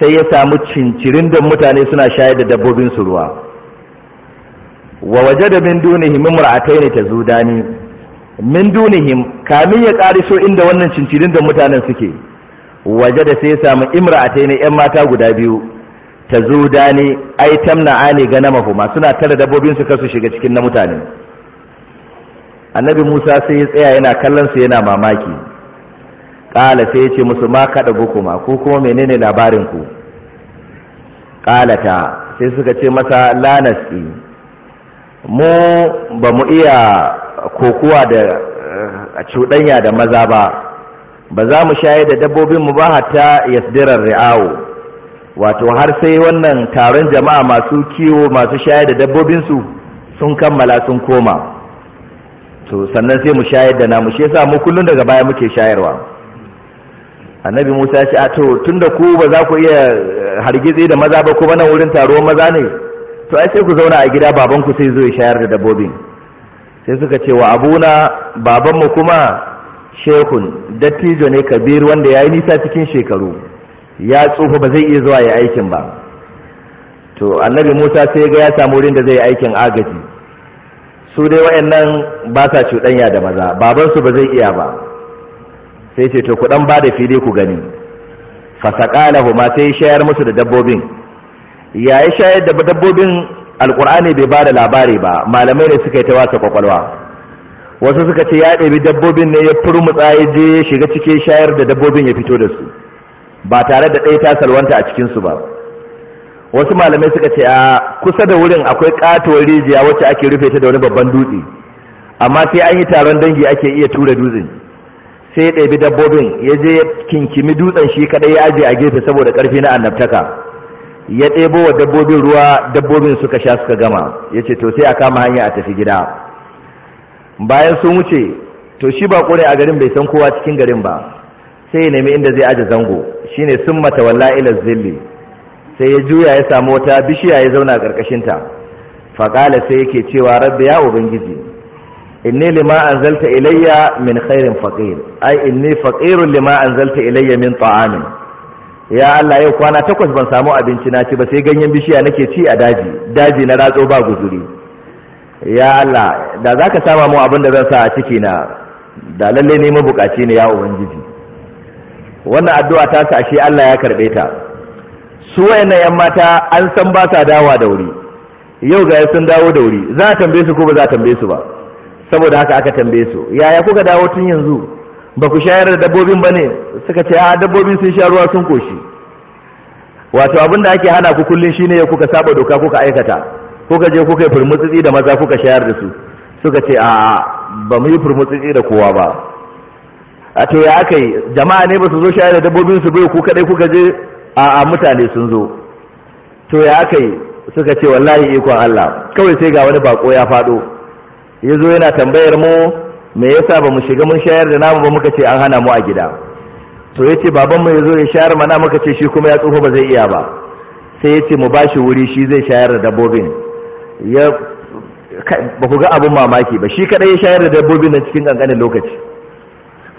sai ya samu cincirin da mutane suna shayar da dabbobin su ruwa wa wajada min dunihim ta tazudani min dunihim kamin ya kariso inda wannan cincirin da mutanen suke wajada sai ya samu imra'atayn yan mata guda biyu tazudani ai tamna'ani ganamahuma suna tare dabbobin su kasu shiga cikin na mutane annabi Musa sai ya tsaya yana kallon su yana mamaki ƙala sai ya ce musu ma kaɗa ko kuma menene labarin labarinku ƙalata sai suka ce masa lanasi mu ba mu iya kokuwa da eh, cuɗanya da maza ba ba za mu shayar da dabbobinmu ba hatta yasdirar ri'awo wato har sai wannan taron jama'a masu kiwo masu shayar da dabbobinsu sun kammala sun koma to sannan sai mu shayar da namu shi yasa mu kullun daga baya muke shayarwa annabi musa ya ce a to tun da ku ba za ku iya eh, hargitsi da maza ba kuma nan wurin taruwar maza ne to ai sai ku zauna a gida babanku sai zo ya shayar da dabbobin sai suka ce wa abuna babanmu kuma shehun dattijo ne kabir wanda ya yi nisa cikin shekaru ya tsufa ba zai iya zuwa ya aikin ba to annabi musa sai ga ya samu wurin da zai aikin agaji su dai wa'annan ba sa cuɗanya da maza babansu ba zai iya ba sai ce to ku dan bada fili ku gani fasaqalahu ma sai shayar musu da dabbobin yayi shayar da dabbobin alqur'ani bai ba da labari ba malamai ne suka yi ta wasa kwakwalwa wasu suka ce ya ɗabi dabbobin ne ya furmutsa ya je shiga cikin shayar da dabbobin ya fito da su ba tare da ɗaya ta salwanta a cikinsu ba wasu malamai suka ce a kusa da wurin akwai katuwar rijiya wacce ake rufe ta da wani babban dutse amma sai an yi taron dangi ake iya tura dutsen sai ya ɗabi dabbobin ya je ya kinkimi dutsen shi kaɗai ya aje a gefe saboda ƙarfi na annabtaka ya ɗebo wa dabbobin ruwa dabbobin suka sha suka gama ya ce to sai a kama hanya a tafi gida bayan sun wuce to shi ba ƙure a garin bai san kowa cikin garin ba sai ya nemi inda zai aje zango shine sun mata walla ila zilli sai ya juya ya samu wata bishiya ya zauna a ƙarƙashinta faƙala sai yake cewa rabbi ya ubangiji inni lima anzalta ilayya min khairin faqir ai inni faqirun lima anzalta ilayya min ta'amin ya Allah yau kwana takwas ban samu abinci na ci ba sai ganyen bishiya nake ci a daji daji na ratso ba guzuri ya Allah da zaka sama mu abin da zan sa a ciki na da lalle ne mu bukaci ne ya ubangiji wannan addu'a ta sa shi Allah ya karbe ta su wayannan yan mata an san ba sa dawa da wuri yau ga sun dawo da wuri za a tambaye su ko ba za a tambaye su ba saboda haka aka tambaye su yaya kuka dawo tun yanzu ba ku shayar da dabbobin ba ne suka ce a dabbobin sun sha ruwa sun koshi wato abin da ake hana ku kullum shine ya kuka saba doka kuka aikata kuka je kuka yi furmutsitsi da maza kuka shayar da su suka ce a ba mu yi furmutsitsi da kowa ba a to ya aka yi jama'a ne ba su zo shayar da dabbobin su bai ku kadai kuka je a mutane sun zo to ya aka yi suka ce wallahi ikon Allah kawai sai ga wani bako ya faɗo ya zo yana tambayar mu me yasa ba mu shiga mun shayar da namu ba muka ce an hana mu a gida to ya ce babanmu ya zo ya shayar mana muka ce shi kuma ya tsufa ba zai iya ba sai ya ce mu ba shi wuri shi zai shayar da dabbobin ya ba ku ga abin mamaki ba shi kadai ya shayar da dabbobin nan cikin kankanin lokaci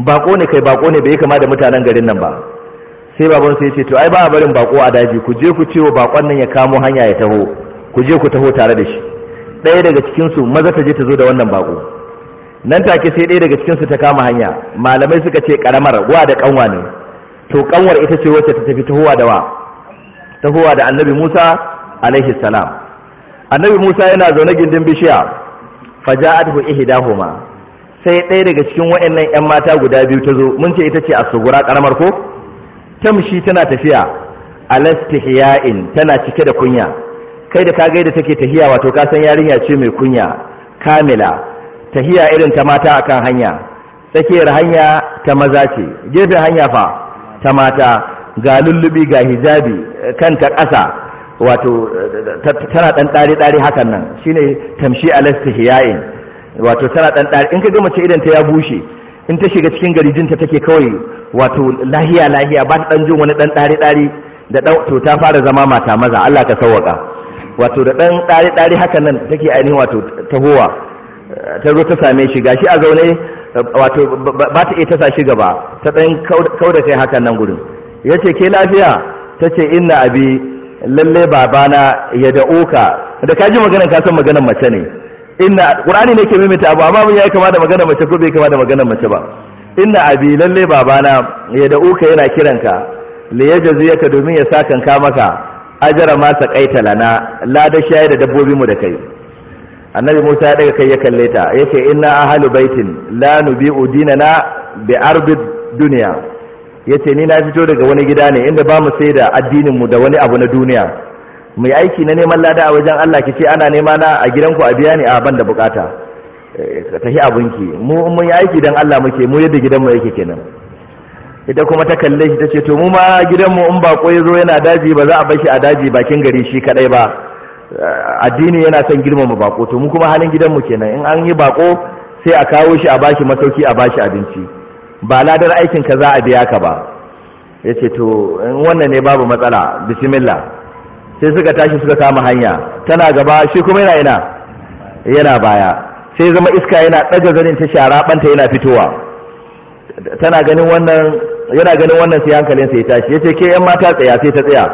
bako ne kai bako ne bai kama da mutanen garin nan ba sai baban sai ya ce to ai ba a barin bako a daji ku je ku ce wa bakon nan ya kamo hanya ya taho ku je ku taho tare da shi ɗaya daga cikinsu maza ta je ta zo da wannan bako nan take sai ɗaya daga cikinsu ta kama hanya malamai suka ce karamar wa da ƙanwa ne to ƙanwar ita ce wacce ta tafi tahowa da wa tahowa da annabi musa alaihi salam annabi musa yana zaune gindin bishiya faja'atuhu ihdahuma sai ɗaya daga cikin waɗannan ƴan mata guda biyu ta zo mun ce ita ce asugura karamar ko tamshi tana tafiya alastihiya'in tana cike da kunya kai da ka ga yadda take tahiya wato ka san yarinya ce mai kunya kamila tahiya irin ta mata akan hanya tsakiyar hanya ta maza ce gefen hanya fa ta mata ga lullubi ga hijabi eh, kan ta ƙasa wato eh, tana ɗan ɗari-ɗari hakan nan shi ne tamshi alastihiyayin wato tana ɗan ɗari in ka gama ce idan ta ya bushe in ta shiga cikin garijinta take kawai wato lahiya lahiya ba ta ɗan jin wani ɗan ɗari-ɗari da to ta fara zama mata maza Allah ka sauwaka wato da ɗan ɗari-ɗari haka nan take ainihin wato tahowa ta zo ta same shi gashi a zaune wato ba ta iya tasa shi gaba ta ɗan kauda kai haka nan gudun ya ce ke lafiya ta ce inna abi lalle babana ya da oka da ka ji maganar kasan maganan mace ne inna ƙurani ne ke mimita abu amma ya yi kama da maganar mace ko bai kama da maganar mace ba inna abi lalle babana ya da oka yana kiranka li yajziyaka domin ya kanka maka ajara ma kaitala na lada shayi da dabbobi mu da kai annabi Musa ya daga kai ya kalle ta yace inna ahlu baitin la nubi'u dinana bi arbi dunya yace ni na fito daga wani gida ne inda ba mu sai da addinin mu da wani abu na duniya mai aiki na neman lada a wajen Allah kice ana nema na a gidanku a biya ni a ban da bukata eh, tahi abunki mu mun yi aiki dan Allah muke mu yadda gidan mu yake kenan ita kuma ta kalle shi ta ce to mu ma gidanmu in ba ya zo yana daji ba za a bashi a daji bakin gari shi kadai ba addini yana son girmama bako to mu kuma halin gidanmu kenan in an yi bako sai a kawo shi a bashi masauki a bashi abinci ba ladar aikin ka za a biya ka ba yace to in wannan ne babu matsala bismillah sai suka tashi suka kama hanya tana gaba shi kuma yana ina yana baya sai zama iska yana ɗaga zanin ta shara ɓanta yana fitowa tana ganin wannan yana ganin wannan sai sai ya tashi yace ke yan mata tsaya sai ta tsaya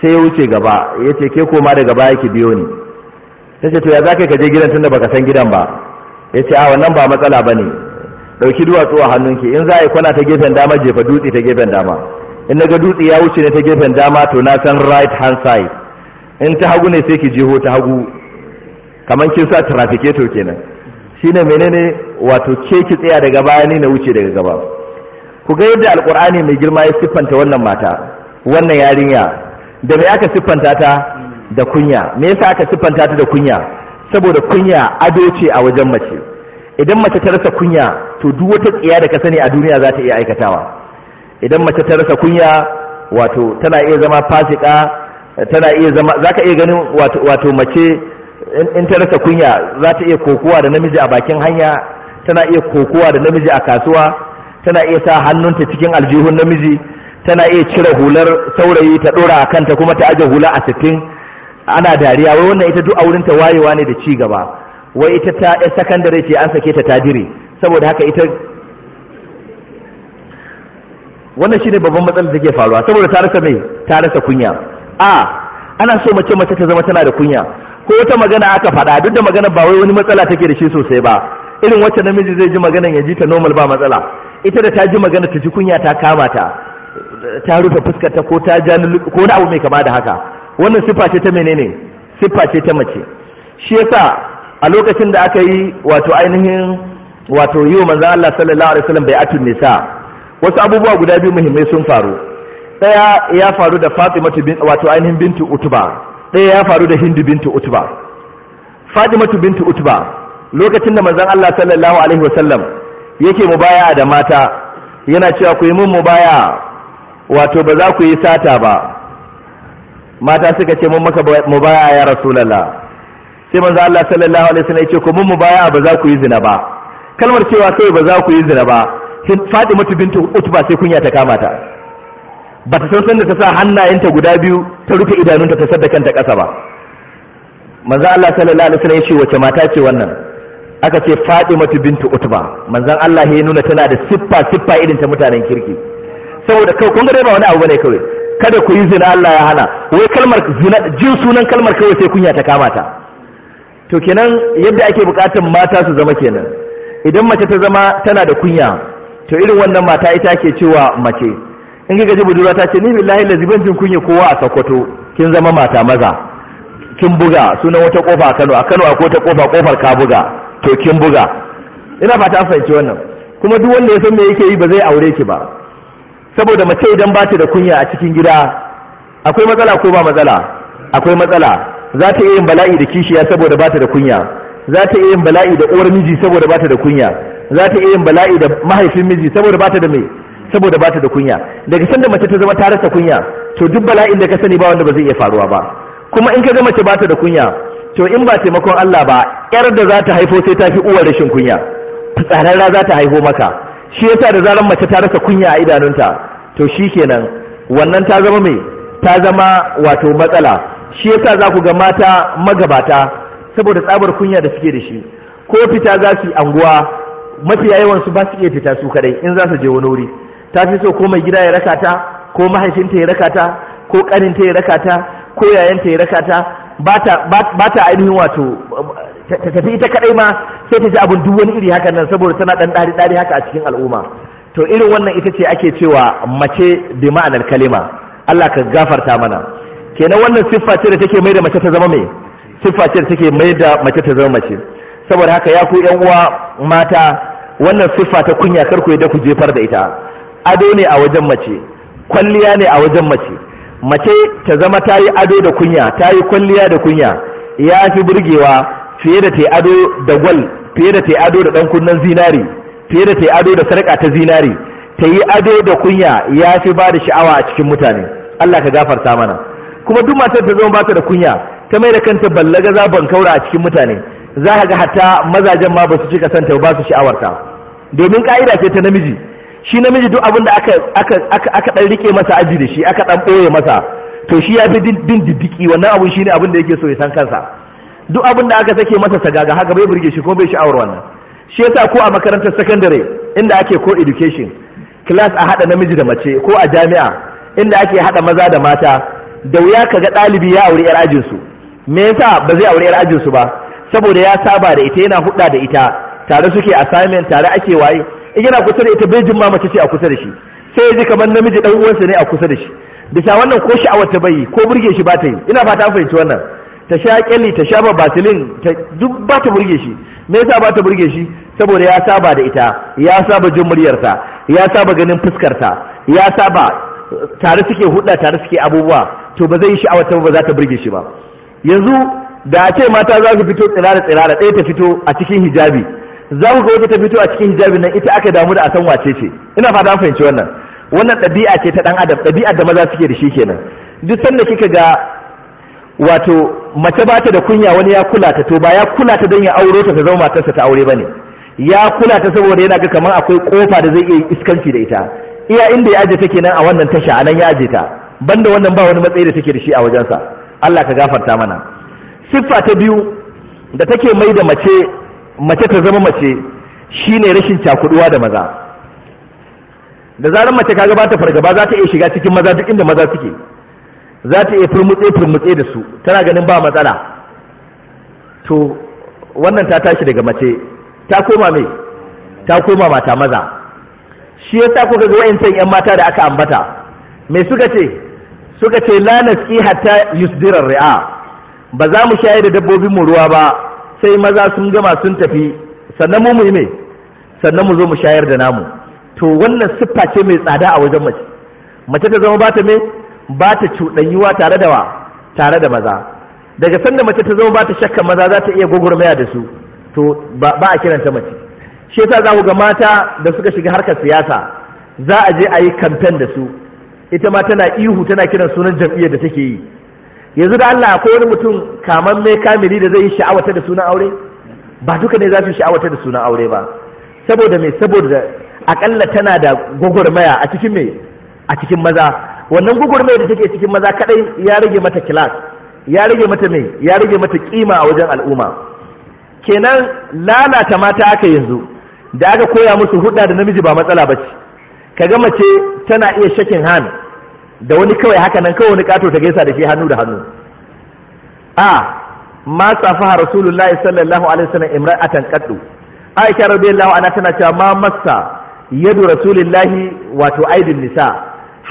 sai ya wuce gaba yace ke koma daga baya ki biyo ni tace to ya zaka ka je gidan tunda baka san gidan ba yace a wannan ba matsala bane dauki duwatsu a hannunki in za a yi kwana ta gefen dama jefa dutse ta gefen dama in naga dutse ya wuce ne ta gefen dama to na san right hand side in ta hagu ne sai ki jeho ta hagu kaman kin sa trafficator kenan shine menene wato ke ki tsaya daga baya ni na wuce daga gaba ku ga yadda alkur'ani mai girma ya siffanta wannan mata wannan yarinya da me aka siffanta ta da kunya me yasa aka siffanta ta da kunya saboda kunya ado ce a wajen mace idan mace ta rasa kunya to duk wata tsiya da ka sani a duniya za ta iya aikatawa idan mace ta rasa kunya wato tana iya zama fasika tana iya zama za ka iya ganin wato, mace in ta rasa kunya za ta iya kokowa da namiji a bakin hanya tana iya kokowa da namiji a kasuwa tana iya sa hannunta cikin aljihun namiji tana iya cire hular saurayi ta dora a kanta kuma ta aje hula a sittin ana dariya wai wannan ita duk a wayewa ne da cigaba, gaba wai ita ta yan sakandare ce an sake ta tadiri saboda haka ita wannan shine babban matsalar da ke faruwa saboda ta rasa mai ta rasa kunya a ana so mace mace ta zama tana da kunya ko wata magana aka faɗa duk da magana ba wai wani matsala take da shi sosai ba irin wacce namiji zai ji maganan ya ji ta normal ba matsala ita da ta ji magana ta ji kunya ta kama ta ta rufe fuskar ta ko ta ja ko wani abu mai kama da haka wannan siffa ce ta menene siffa ce ta mace shi yasa a lokacin da aka yi wato ainihin wato yi wa manzan Allah sallallahu alaihi wasallam bai atun nisa wasu abubuwa guda biyu muhimmai sun faru daya ya faru da Fatima wato ainihin bintu Utba daya ya faru da Hindu bintu Utba Fatima bintu Utba lokacin da manzan Allah sallallahu alaihi wasallam yake baya da mata yana cewa ku yi mun baya wato ba za ku yi sata ba mata suka ce mun maka baya ya rasulullah sai manzo Allah sallallahu alaihi wasallam yace ku mun baya ba za ku yi zina ba kalmar cewa kai ba za ku yi zina ba sai Fatima bintu Utba sai kunya ta kama ta bata san sanda ta sa hannayenta guda biyu ta rufe idanunta ta sadda kanta ƙasa ba manzo Allah sallallahu alaihi wasallam yace wace mata ce wannan aka ce Fatimatu bintu Utba manzon Allah ya nuna tana da siffa siffa irin ta mutanen kirki saboda kai kun ga ba wani abu bane kawai kada ku yi zina Allah ya hana wai kalmar zina jin sunan kalmar kawai sai kunya ta kama ta to kenan yadda ake bukatan mata su zama kenan idan mace ta zama tana da kunya to irin wannan mata ita ke cewa mace in ga gaji budurwa ta ce ni billahi lazi ban jin kunya kowa a Sokoto kin zama mata maza kin buga sunan wata kofa a Kano a Kano akwai ta kofa kofar ka buga to kin buga ina ba ta fahimci wannan kuma duk wanda ya san me yake yi ba zai aure ki ba saboda mace idan ba ta da kunya a cikin gida akwai matsala ko ba matsala akwai matsala za ta iya yin bala'i da kishiya saboda ba ta da kunya za ta iya yin bala'i da uwar miji saboda ba ta da kunya za ta iya yin bala'i da mahaifin miji saboda ba ta da me saboda ba ta da kunya daga sanda mace ta zama ta rasa kunya to duk bala'in da ka sani ba wanda ba zai iya faruwa ba kuma in ka ga mace ba ta da kunya to in ba taimakon Allah ba yar da za ta haifo sai ta fi uwar rashin kunya fitsararra za ta haifo maka shi yasa da zarar mace ta rasa kunya a idanunta to shi kenan wannan ta zama mai ta zama wato matsala shi yasa za ku ga mata magabata saboda tsabar kunya da suke da shi ko fita za su yi anguwa mafiya yawan su ba su iya fita su kadai in za su je wani wuri ta fi so ko mai gida ya raka ta ko mahaifinta ya raka ta ko kaninta ya raka ta ko yayanta ya raka ta ba ta ainihin wato ta tafi ita kadai ma sai ta ji abin duk wani iri hakan nan saboda tana dan dari dari haka a cikin al'umma to irin wannan ita ce ake cewa mace bi ma'anar kalima Allah ka gafarta mana kenan wannan siffa ce da take mai da mace ta zama mai siffa ce da take mai da mace ta zama mace saboda haka ya ku yan uwa mata wannan siffa ta kunya kar ku da ku jefar da ita ado ne a wajen mace kwalliya ne a wajen mace mace ta zama ta yi ado da kunya ta yi kwalliya da kunya ya fi burgewa fiye da tai ado da gwal fiye da tai ado da dan kunnen zinari fiye da tai ado da sarƙa ta zinari ta yi ado da kunya ya fi ba da sha'awa a cikin mutane Allah ka gafarta mana kuma duk matar ta zama ba ta da kunya ta mai da kanta za ban kaura a cikin mutane za ka ga hatta mazajen ma ba su cika santa ba su sha'awarta domin ka'ida ce ta namiji shi namiji duk abin da aka aka aka dan rike masa aji da shi aka dan boye masa to shi ya fi din diddiki wannan abun shine abin da yake so ya san kansa duk abin da aka sake masa sagaga haka bai burge shi ko bai sha'awar wannan shi yasa ko a makarantar sakandare inda ake ko education class a hada namiji da mace ko a jami'a inda ake hada maza da mata da wuya kaga ɗalibi ya aure yar ajin su me yasa ba zai aure yar ajin su ba saboda ya saba da ita yana hudda da ita tare suke assignment tare ake waye in yana kusa da ita bai jin ma mace ce a kusa da shi sai ya ji kamar namiji dan uwansa ne a kusa da shi bisa wannan ko sha'awar ta bai ko burge shi ba ta yi ina fata an fahimci wannan ta sha kyalli ta sha basilin duk ba ta burge shi me yasa ba ta burge shi saboda ya saba da ita ya saba jin muryarta ya saba ganin fuskarta ya saba tare suke hudda tare suke abubuwa to ba zai yi sha'awar ta ba za ta burge shi ba yanzu da a ce mata za su fito tsirara tsirara ɗaya ta fito a cikin hijabi za ku ga wata ta fito a cikin hijabi nan ita aka damu da a san wace ce ina fata an fahimci wannan wannan ɗabi'a ce ta ɗan adam ɗabi'a da maza suke da shi kenan duk sanda kika ga wato mace ba ta da kunya wani ya kula ta to ba ya kula ta don ya auro ta ta zama matarsa ta aure ba ne ya kula ta saboda yana ga kamar akwai kofa da zai iya iskanci da ita iya inda ya aje take nan a wannan tasha a nan ya aje ta banda wannan ba wani matsayi da take da shi a wajensa Allah ka gafarta mana siffa ta biyu da take mai da mace mace ta zama mace shine rashin cakuduwa da maza da zarar mace kaga ba ta fargaba za ta iya shiga cikin maza duk inda maza suke za ta iya firmutse firmutse da su tana ganin ba matsala to wannan ta tashi daga mace ta koma mai ta koma mata maza shi sa kuka ga wayancan yan mata da aka ambata me suka ce suka ce la nasqi hatta yusdira ri'a ba za mu shayar da dabbobin mu ruwa ba sai maza sun gama sun tafi sannan mu mu mai, sannan mu zo mu shayar da namu to wannan siffa ce mai tsada a wajen mace mace ta zama ba ta me ba ta cuɗanyuwa tare da wa tare da maza daga sanda mace ta zama ba ta shakka maza za ta iya gwagwarmaya da su to ba a kiranta mace shi yasa za ku ga mata da suka shiga harkar siyasa za a je a yi kamfen da su ita ma tana ihu tana kiran sunan jam'iyyar da take yi yanzu da Allah akwai wani mutum kaman mai kamili da zai yi sha'awata da sunan aure ba duka ne za su sha'awata da sunan aure ba saboda me saboda akalla tana da gwagwarmaya a cikin me a cikin maza wannan gugurmai da take cikin maza kadai ya rage mata kilas ya rage mata mai ya rage mata kima a wajen al'umma kenan lalata mata aka yanzu da aka koya musu hudda da namiji ba matsala ba ka kaga mace tana iya shakin hannu da wani kawai haka nan kawai wani kato ta gaisa da shi hannu da hannu a ma safaha rasulullahi sallallahu alaihi wasallam imra'atan qaddu aisha radiyallahu anha tana cewa ma massa yadu rasulillahi wato aidin nisa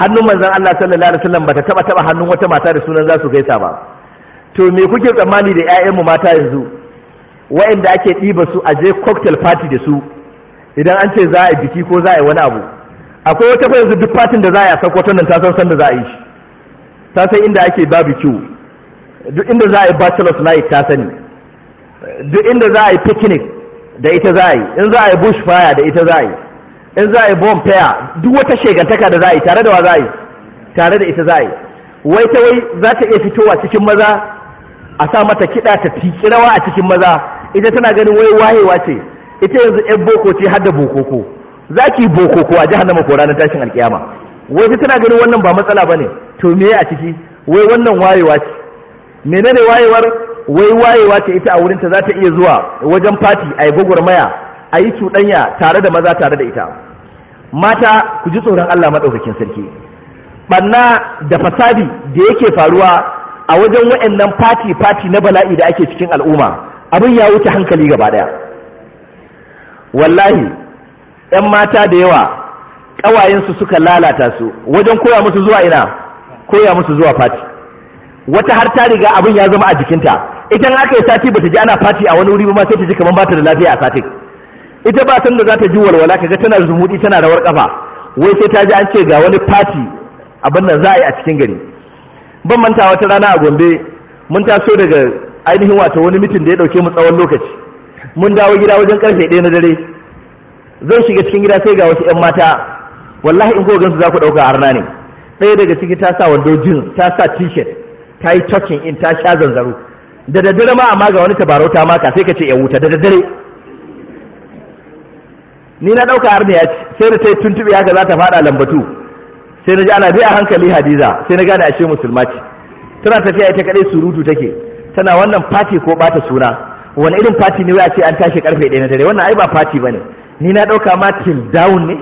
hannun manzon Allah sallallahu alaihi wasallam bata taba taba hannun wata mata da sunan za su gaisa ba to me kuke tsammani da ƴaƴanmu mata yanzu waɗanda ake ɗiba su a je cocktail party da su idan an ce za a yi biki ko za a yi wani abu akwai wata fa yanzu duk party da za a yi a sakwato nan ta san san da za a yi shi ta san inda ake barbecue duk inda za a yi bachelor's night ta sani duk inda za a yi picnic da ita za a yi in za a yi bush fire da ita za a yi in za a yi bomb fair duk wata shegantaka da za a yi tare da wa za a yi tare da ita za a yi wai ta wai za ta iya fitowa cikin maza a sa mata kiɗa ta tiki rawa a cikin maza ita tana ganin wai wayewa ce ita yanzu yan boko ce har da bokoko za ki bokoko a jihar ko ranar tashin alkiyama wai ita tana ganin wannan ba matsala ba ne to me a ciki wai wannan wayewa ce menene wayewar wai wayewa ce ita a wurinta za ta iya zuwa wajen fati a yi gwagwarmaya a yi cuɗanya tare da maza tare da ita mata ku ji tsoron Allah maɗaukakin sarki ɓanna da fasadi da yake faruwa a wajen waɗannan fati-fati na bala'i da ake cikin al'umma abin ya wuce hankali gaba ɗaya wallahi 'yan mata da yawa ƙawayensu suka lalata su wajen koya musu zuwa ina koya musu zuwa fati wata har ta riga abin ya zama a jikinta idan aka yi sati bata ji ana fati a wani wuri ba sai ta ji kamar bata da lafiya a satin ita ba san da za ta ji walwala kaga tana zumudi tana rawar kafa wai sai ta ji an ce ga wani fati abin nan za a yi a cikin gari ban manta wata rana a gombe mun taso daga ainihin wato wani mitin da ya dauke mu tsawon lokaci mun dawo gida wajen karfe ɗaya na dare zan shiga cikin gida sai ga wasu 'yan mata wallahi in ko su za ku ɗauka na ne ɗaya daga ciki ta sa wando jeans ta sa t-shirt ta yi talking in ta sha zanzaro da daddare ma amma ga wani tabarau ta maka sai ka ce ya wuta da daddare ni na ɗauka arniya ce sai da ta yi tuntuɓe haka za ta faɗa lambatu sai na ji ana biya hankali hadiza sai na gane ashe musulma ce tana tafiya ita kaɗai surutu take tana wannan fati ko bata suna wani irin fati ne wai a ce an tashi karfe ɗaya na dare wannan ai ba fati ba ne ni na ɗauka ma till down ne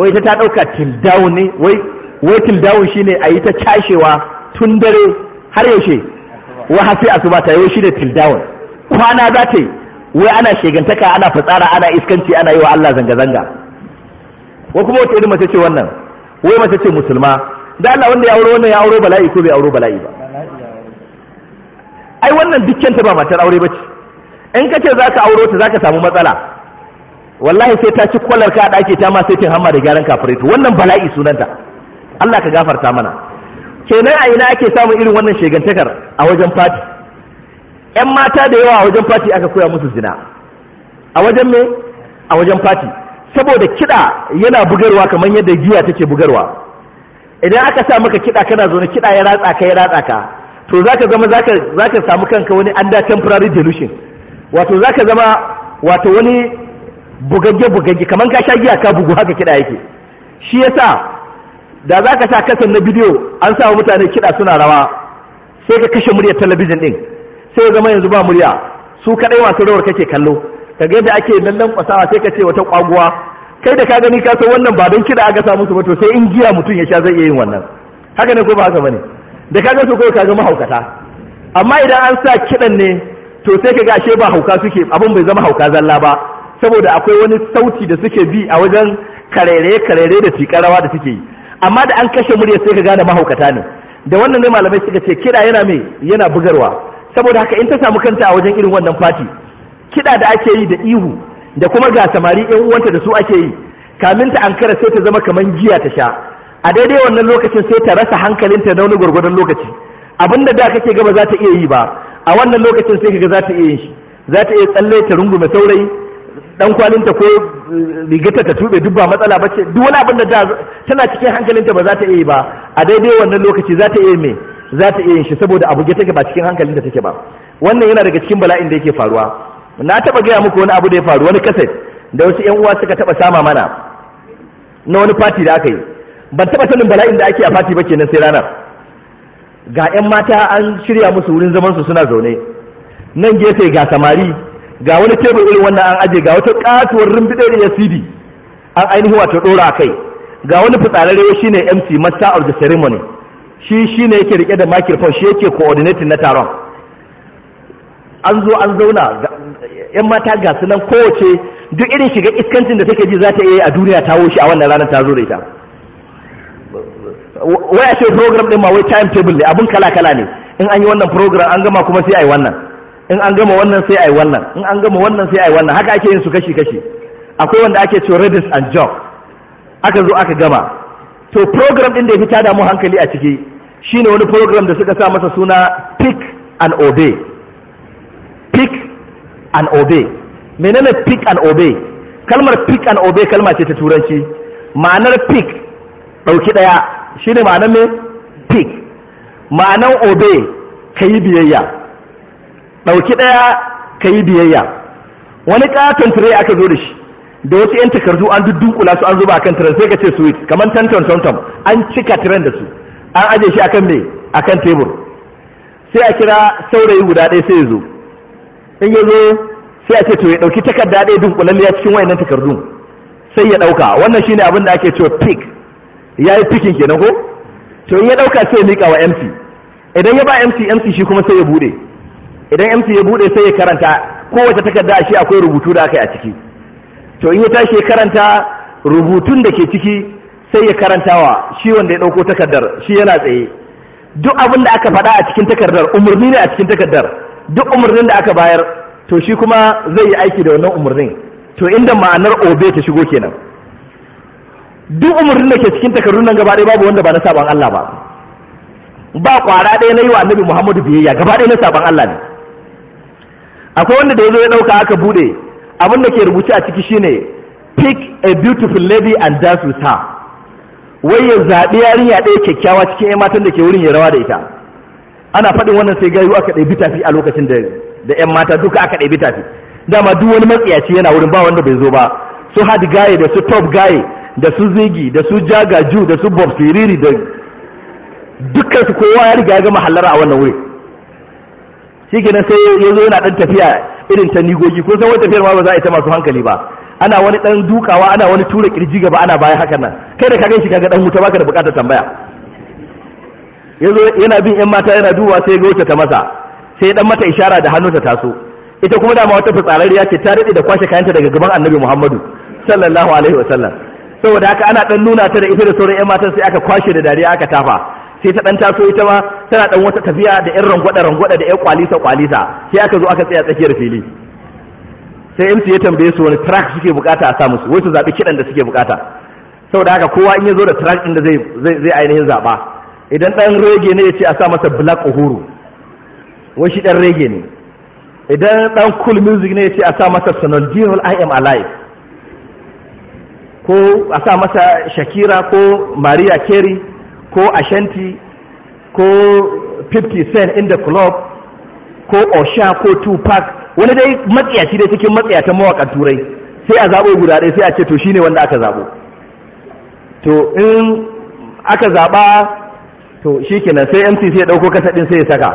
wai ita ta ɗauka till down ne wai wai till down shine a yi ta cashewa tun dare har yaushe wa hafi asuba ta yau shine till down kwana za ta yi wai ana shegantaka ana fitsara ana iskanci ana yi wa Allah zanga-zanga wa kuma wata irin mace ce wannan wai mace ce musulma da Allah wanda ya aure wannan ya aure bala'i ko bai aure bala'i ba ai wannan dukkan ta ba matar aure bace in ka ce zaka auro ta zaka samu matsala wallahi sai ta ci kwalar ka dake ta ma sai ta hamma da gyaran kafirai wannan bala'i sunanta Allah ka gafarta mana kenan a ina ake samun irin wannan shegantakar a wajen fati 'yan mata da yawa a wajen fati aka koya musu zina a wajen me a wajen fati saboda kiɗa yana bugarwa kamar yadda giya take bugarwa idan aka sa maka kiɗa kana zaune kiɗa ya ratsa ka ya ratsa ka to zaka zama zaka zaka samu kanka wani under temporary delusion wato zaka zama wato wani bugagge bugagge kamar ka sha giya ka bugu haka kiɗa yake shi yasa da zaka sa kasan na bidiyo an sa mutane kiɗa suna rawa sai ka kashe muryar talabijin ɗin. sai ya zama yanzu ba murya su kadai masu rawar kake kallo kaga yadda ake lallan kwasawa sai kace ce wata kwaguwa kai da ka gani ka san wannan ba don kida aka samu su ba to sai in giya mutum ya sha zai iya yin wannan haka ne ko ba haka bane da ka ga su kaga ka ga mahaukata amma idan an sa kidan ne to sai ka ga ashe ba hauka suke abin bai zama hauka zalla ba saboda akwai wani sauti da suke bi a wajen karere karere da tikarawa da suke yi amma da an kashe murya sai ka gane mahaukata ne da wannan ne malamai suka ce kira yana me yana bugarwa saboda haka in ta samu kanta a wajen irin wannan fati kiɗa da ake yi da ihu da kuma ga samari yan uwanta da su ake yi kamin ta ankara sai ta zama kamar giya ta sha a daidai wannan lokacin sai ta rasa hankalinta na wani gwargwadon lokaci abinda da kake gaba za ta iya yi ba a wannan lokacin sai kaga za ta iya yin shi za ta iya tsalle ta rungume saurayi dan kwalinta ko eh, rigata ta tube duk matsala bace duk wani abin da tana cikin hankalinta ba za ta iya yi ba a daidai wannan lokaci za ta iya mai. za ta iya yin shi saboda abu ya take ba cikin hankalin da take ba wannan yana daga cikin bala'in da yake faruwa na taba gaya muku wani abu da ya faru wani kaset da wasu yan uwa suka taba sama mana na wani fati da aka yi ban taba sanin bala'in da ake a fati ba kenan sai ranar ga yan mata an shirya musu wurin zaman su suna zaune nan gefe ga samari ga wani tebur irin wannan an aje ga wata katuwar rumbiɗe da yasidi an ainihi wato ɗora kai ga wani fitsararre shine mc master of the ceremony shi shi ne yake rike da microphone shi yake coordinating na taron an zo an zauna yan mata ga su nan kowace duk irin shiga iskancin da take ji za ta iya a duniya ta wuce a wannan ranar ta zo da ita wai a ce program din ma wai time table ne abun kala kala ne in an yi wannan program an gama kuma sai ai wannan in an gama wannan sai ai wannan in an gama wannan sai ai wannan haka ake yin su kashi kashi akwai wanda ake cewa redis and job aka zo aka gama to program din da ya fi tada mu hankali a ciki shine wani program da suka sa masa suna pick and obey pick and obey menene pick and obey kalmar pick and obey kalma ce ta turanci ma'anar pick ɗauki ɗaya shine ma'anar me pick ma'anar obey ka yi biyayya ɗauki ɗaya ka yi biyayya wani ƙaton tire aka zo da shi da wasu 'yan takardu an dudduƙula su an zuba kan tiran sai ka ce su kamar tantan tantan an cika tiran da su an aje shi akan me akan tebur sai a kira saurayi guda ɗaya sai ya zo in ya zo sai a ce to ya ɗauki takarda ɗaya dunkulalliya cikin wayannan takardun sai ya ɗauka wannan shine abin da ake cewa pick ya yi picking kenan ko to in ya ɗauka sai ya miƙa wa MC idan ya ba MC MC shi kuma sai ya buɗe idan MC ya buɗe sai ya karanta kowace takarda a shi akwai rubutu da aka yi a ciki to in ya tashi ya karanta rubutun da ke ciki sai ya karantawa shi wanda ya ɗauko takardar shi yana tsaye duk abin da aka faɗa a cikin takardar umarni ne a cikin takardar duk umarnin da aka bayar to shi kuma zai yi aiki da wannan umarnin to inda ma'anar obe ta shigo kenan duk umarnin da ke cikin takardun nan gaba ɗaya babu wanda ba na saban Allah ba ba kwara ɗaya na yi wa annabi Muhammadu biyayya gaba ɗaya na saban Allah ne akwai wanda da ya zo ya ɗauka aka buɗe abin da ke rubuce a ciki shine pick a beautiful lady and dance with her wai ya zaɓi yarinya ɗaya kyakkyawa cikin 'yan matan da ke wurin ya rawa da ita ana faɗin wannan sai gayu aka ɗaya tafi a lokacin da da 'yan mata duka aka ɗabi tafi dama duk wani matsiyaci yana wurin ba wanda bai zo ba su had gaye da su top gaye da su zigi da su jagaju da su bob siriri da dukkan su kowa ya riga ya gama hallara a wannan wuri shi kenan sai ya zo yana ɗan tafiya irin ta nigogi ko san wata tafiyar ma ba za a yi ta masu hankali ba ana wani dan dukawa ana wani tura kirji gaba ana bayan hakan nan kai da ka shi kaga dan wuta baka da bukatar tambaya yazo yana bin yan mata yana duba sai ga wuta ta masa sai dan mata ishara da hannu ta taso ita kuma dama wata fitsarariya ce ta dade da kwashe kayanta daga gaban annabi Muhammadu sallallahu alaihi wasallam saboda haka ana dan nuna ta da ita da sauran yan mata sai aka kwashe da dariya aka tafa sai ta dan taso ita ma tana dan wata tafiya da yan rangwada rangwada da yan kwalisa kwalisa sai aka zo aka tsaya tsakiyar fili sai MC ya tambaye su wani track suke bukata a sa musu wai su zaɓi kiɗan da suke bukata saboda haka kowa in ya zo da track ɗin da zai ainihin zaɓa idan ɗan rege ne ya ce a sa masa black uhuru wai shi ɗan rege ne idan ɗan cool music ne ya ce a sa masa sonal diol i am alive ko a sa masa shakira ko maria carey ko ashanti ko 50 cent in the club ko osha ko tupac wani dai matsiyaci dai cikin matsiyatan mawakan turai sai a zabo guda ɗaya sai a ce to shine wanda aka zabo to in aka zaba to shikenan sai MC sai ya dauko ɗin sai ya saka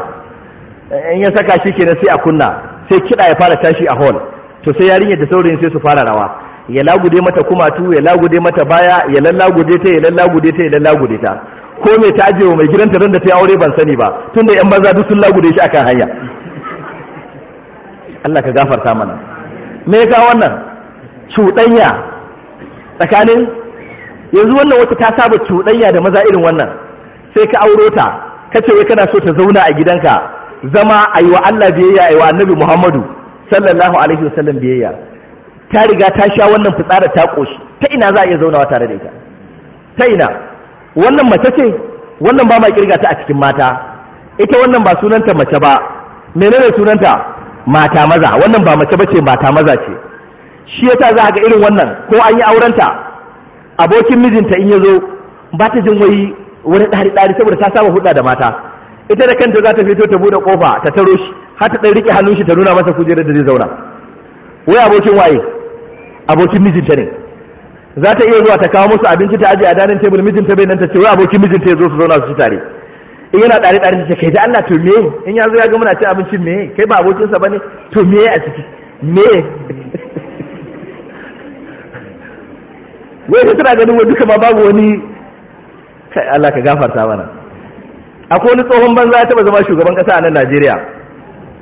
in ya saka shikenan sai a kunna sai kiɗa ya fara tashi a hall to sai yarinyar da saurayin sai su fara rawa ya lagude mata kumatu ya lagude mata baya ya lallagude ta ya lallagude ta ya lallagude ta ko me ta ajewa mai gidanta ran da ta aure ban sani ba tunda yan banza duk sun lagude shi akan hanya Allah ka gafarta mana me ya kawo wannan cuɗanya tsakanin yanzu wannan wata ta saba cuɗanya da maza irin wannan sai ka auro ta ka wai kana so ta zauna a gidanka zama a Allah biyayya a annabi Muhammadu sallallahu alaihi wasallam biyayya ta riga ta sha wannan fitsara ta koshi ta ina za a iya zaunawa tare da ita ta ina wannan mace ce wannan ba ma kirga ta a cikin mata ita wannan ba sunanta mace ba menene sunanta mata maza wannan ba mace bace mata maza ce shi yasa za ga irin wannan ko an yi aurenta abokin mijinta in ya zo ba ta jin wai wani ɗari ɗari saboda ta saba hudda da mata ita da kanta za ta fito ta bude kofa ta taro shi har ta ɗan rike hannun shi ta nuna masa kujerar da zai zauna wai abokin waye abokin mijinta ne za ta iya zuwa ta kawo musu abinci ta aje a danin tebul mijinta bai nan ta ce wai abokin mijinta ya zo su zauna su ci tare in yana ɗari ɗari da kai da Allah to me in ya zo ya ga muna cin abincin me kai ba abokin ba ne to me a ciki me wai ka tana ganin wani duka ma babu wani kai Allah ka gafarta mana akwai wani tsohon banza ya taba zama shugaban kasa a nan Najeriya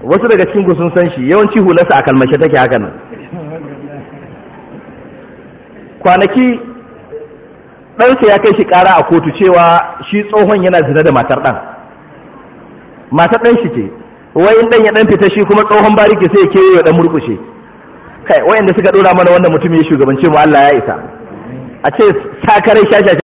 wasu daga cikin sun san shi yawanci hularsa a kalmashe take haka nan kwanaki ɗansa ya kai shi ƙara a kotu cewa shi tsohon yana zina da matar ɗan matar ɗan shi ce wai ɗan ya ɗan fita shi kuma tsohon bariki sai ya kewaye ɗan murkushe kai wayanda suka ɗora mana wannan mutum ya shugabance mu Allah ya isa a ce sakarai shashasha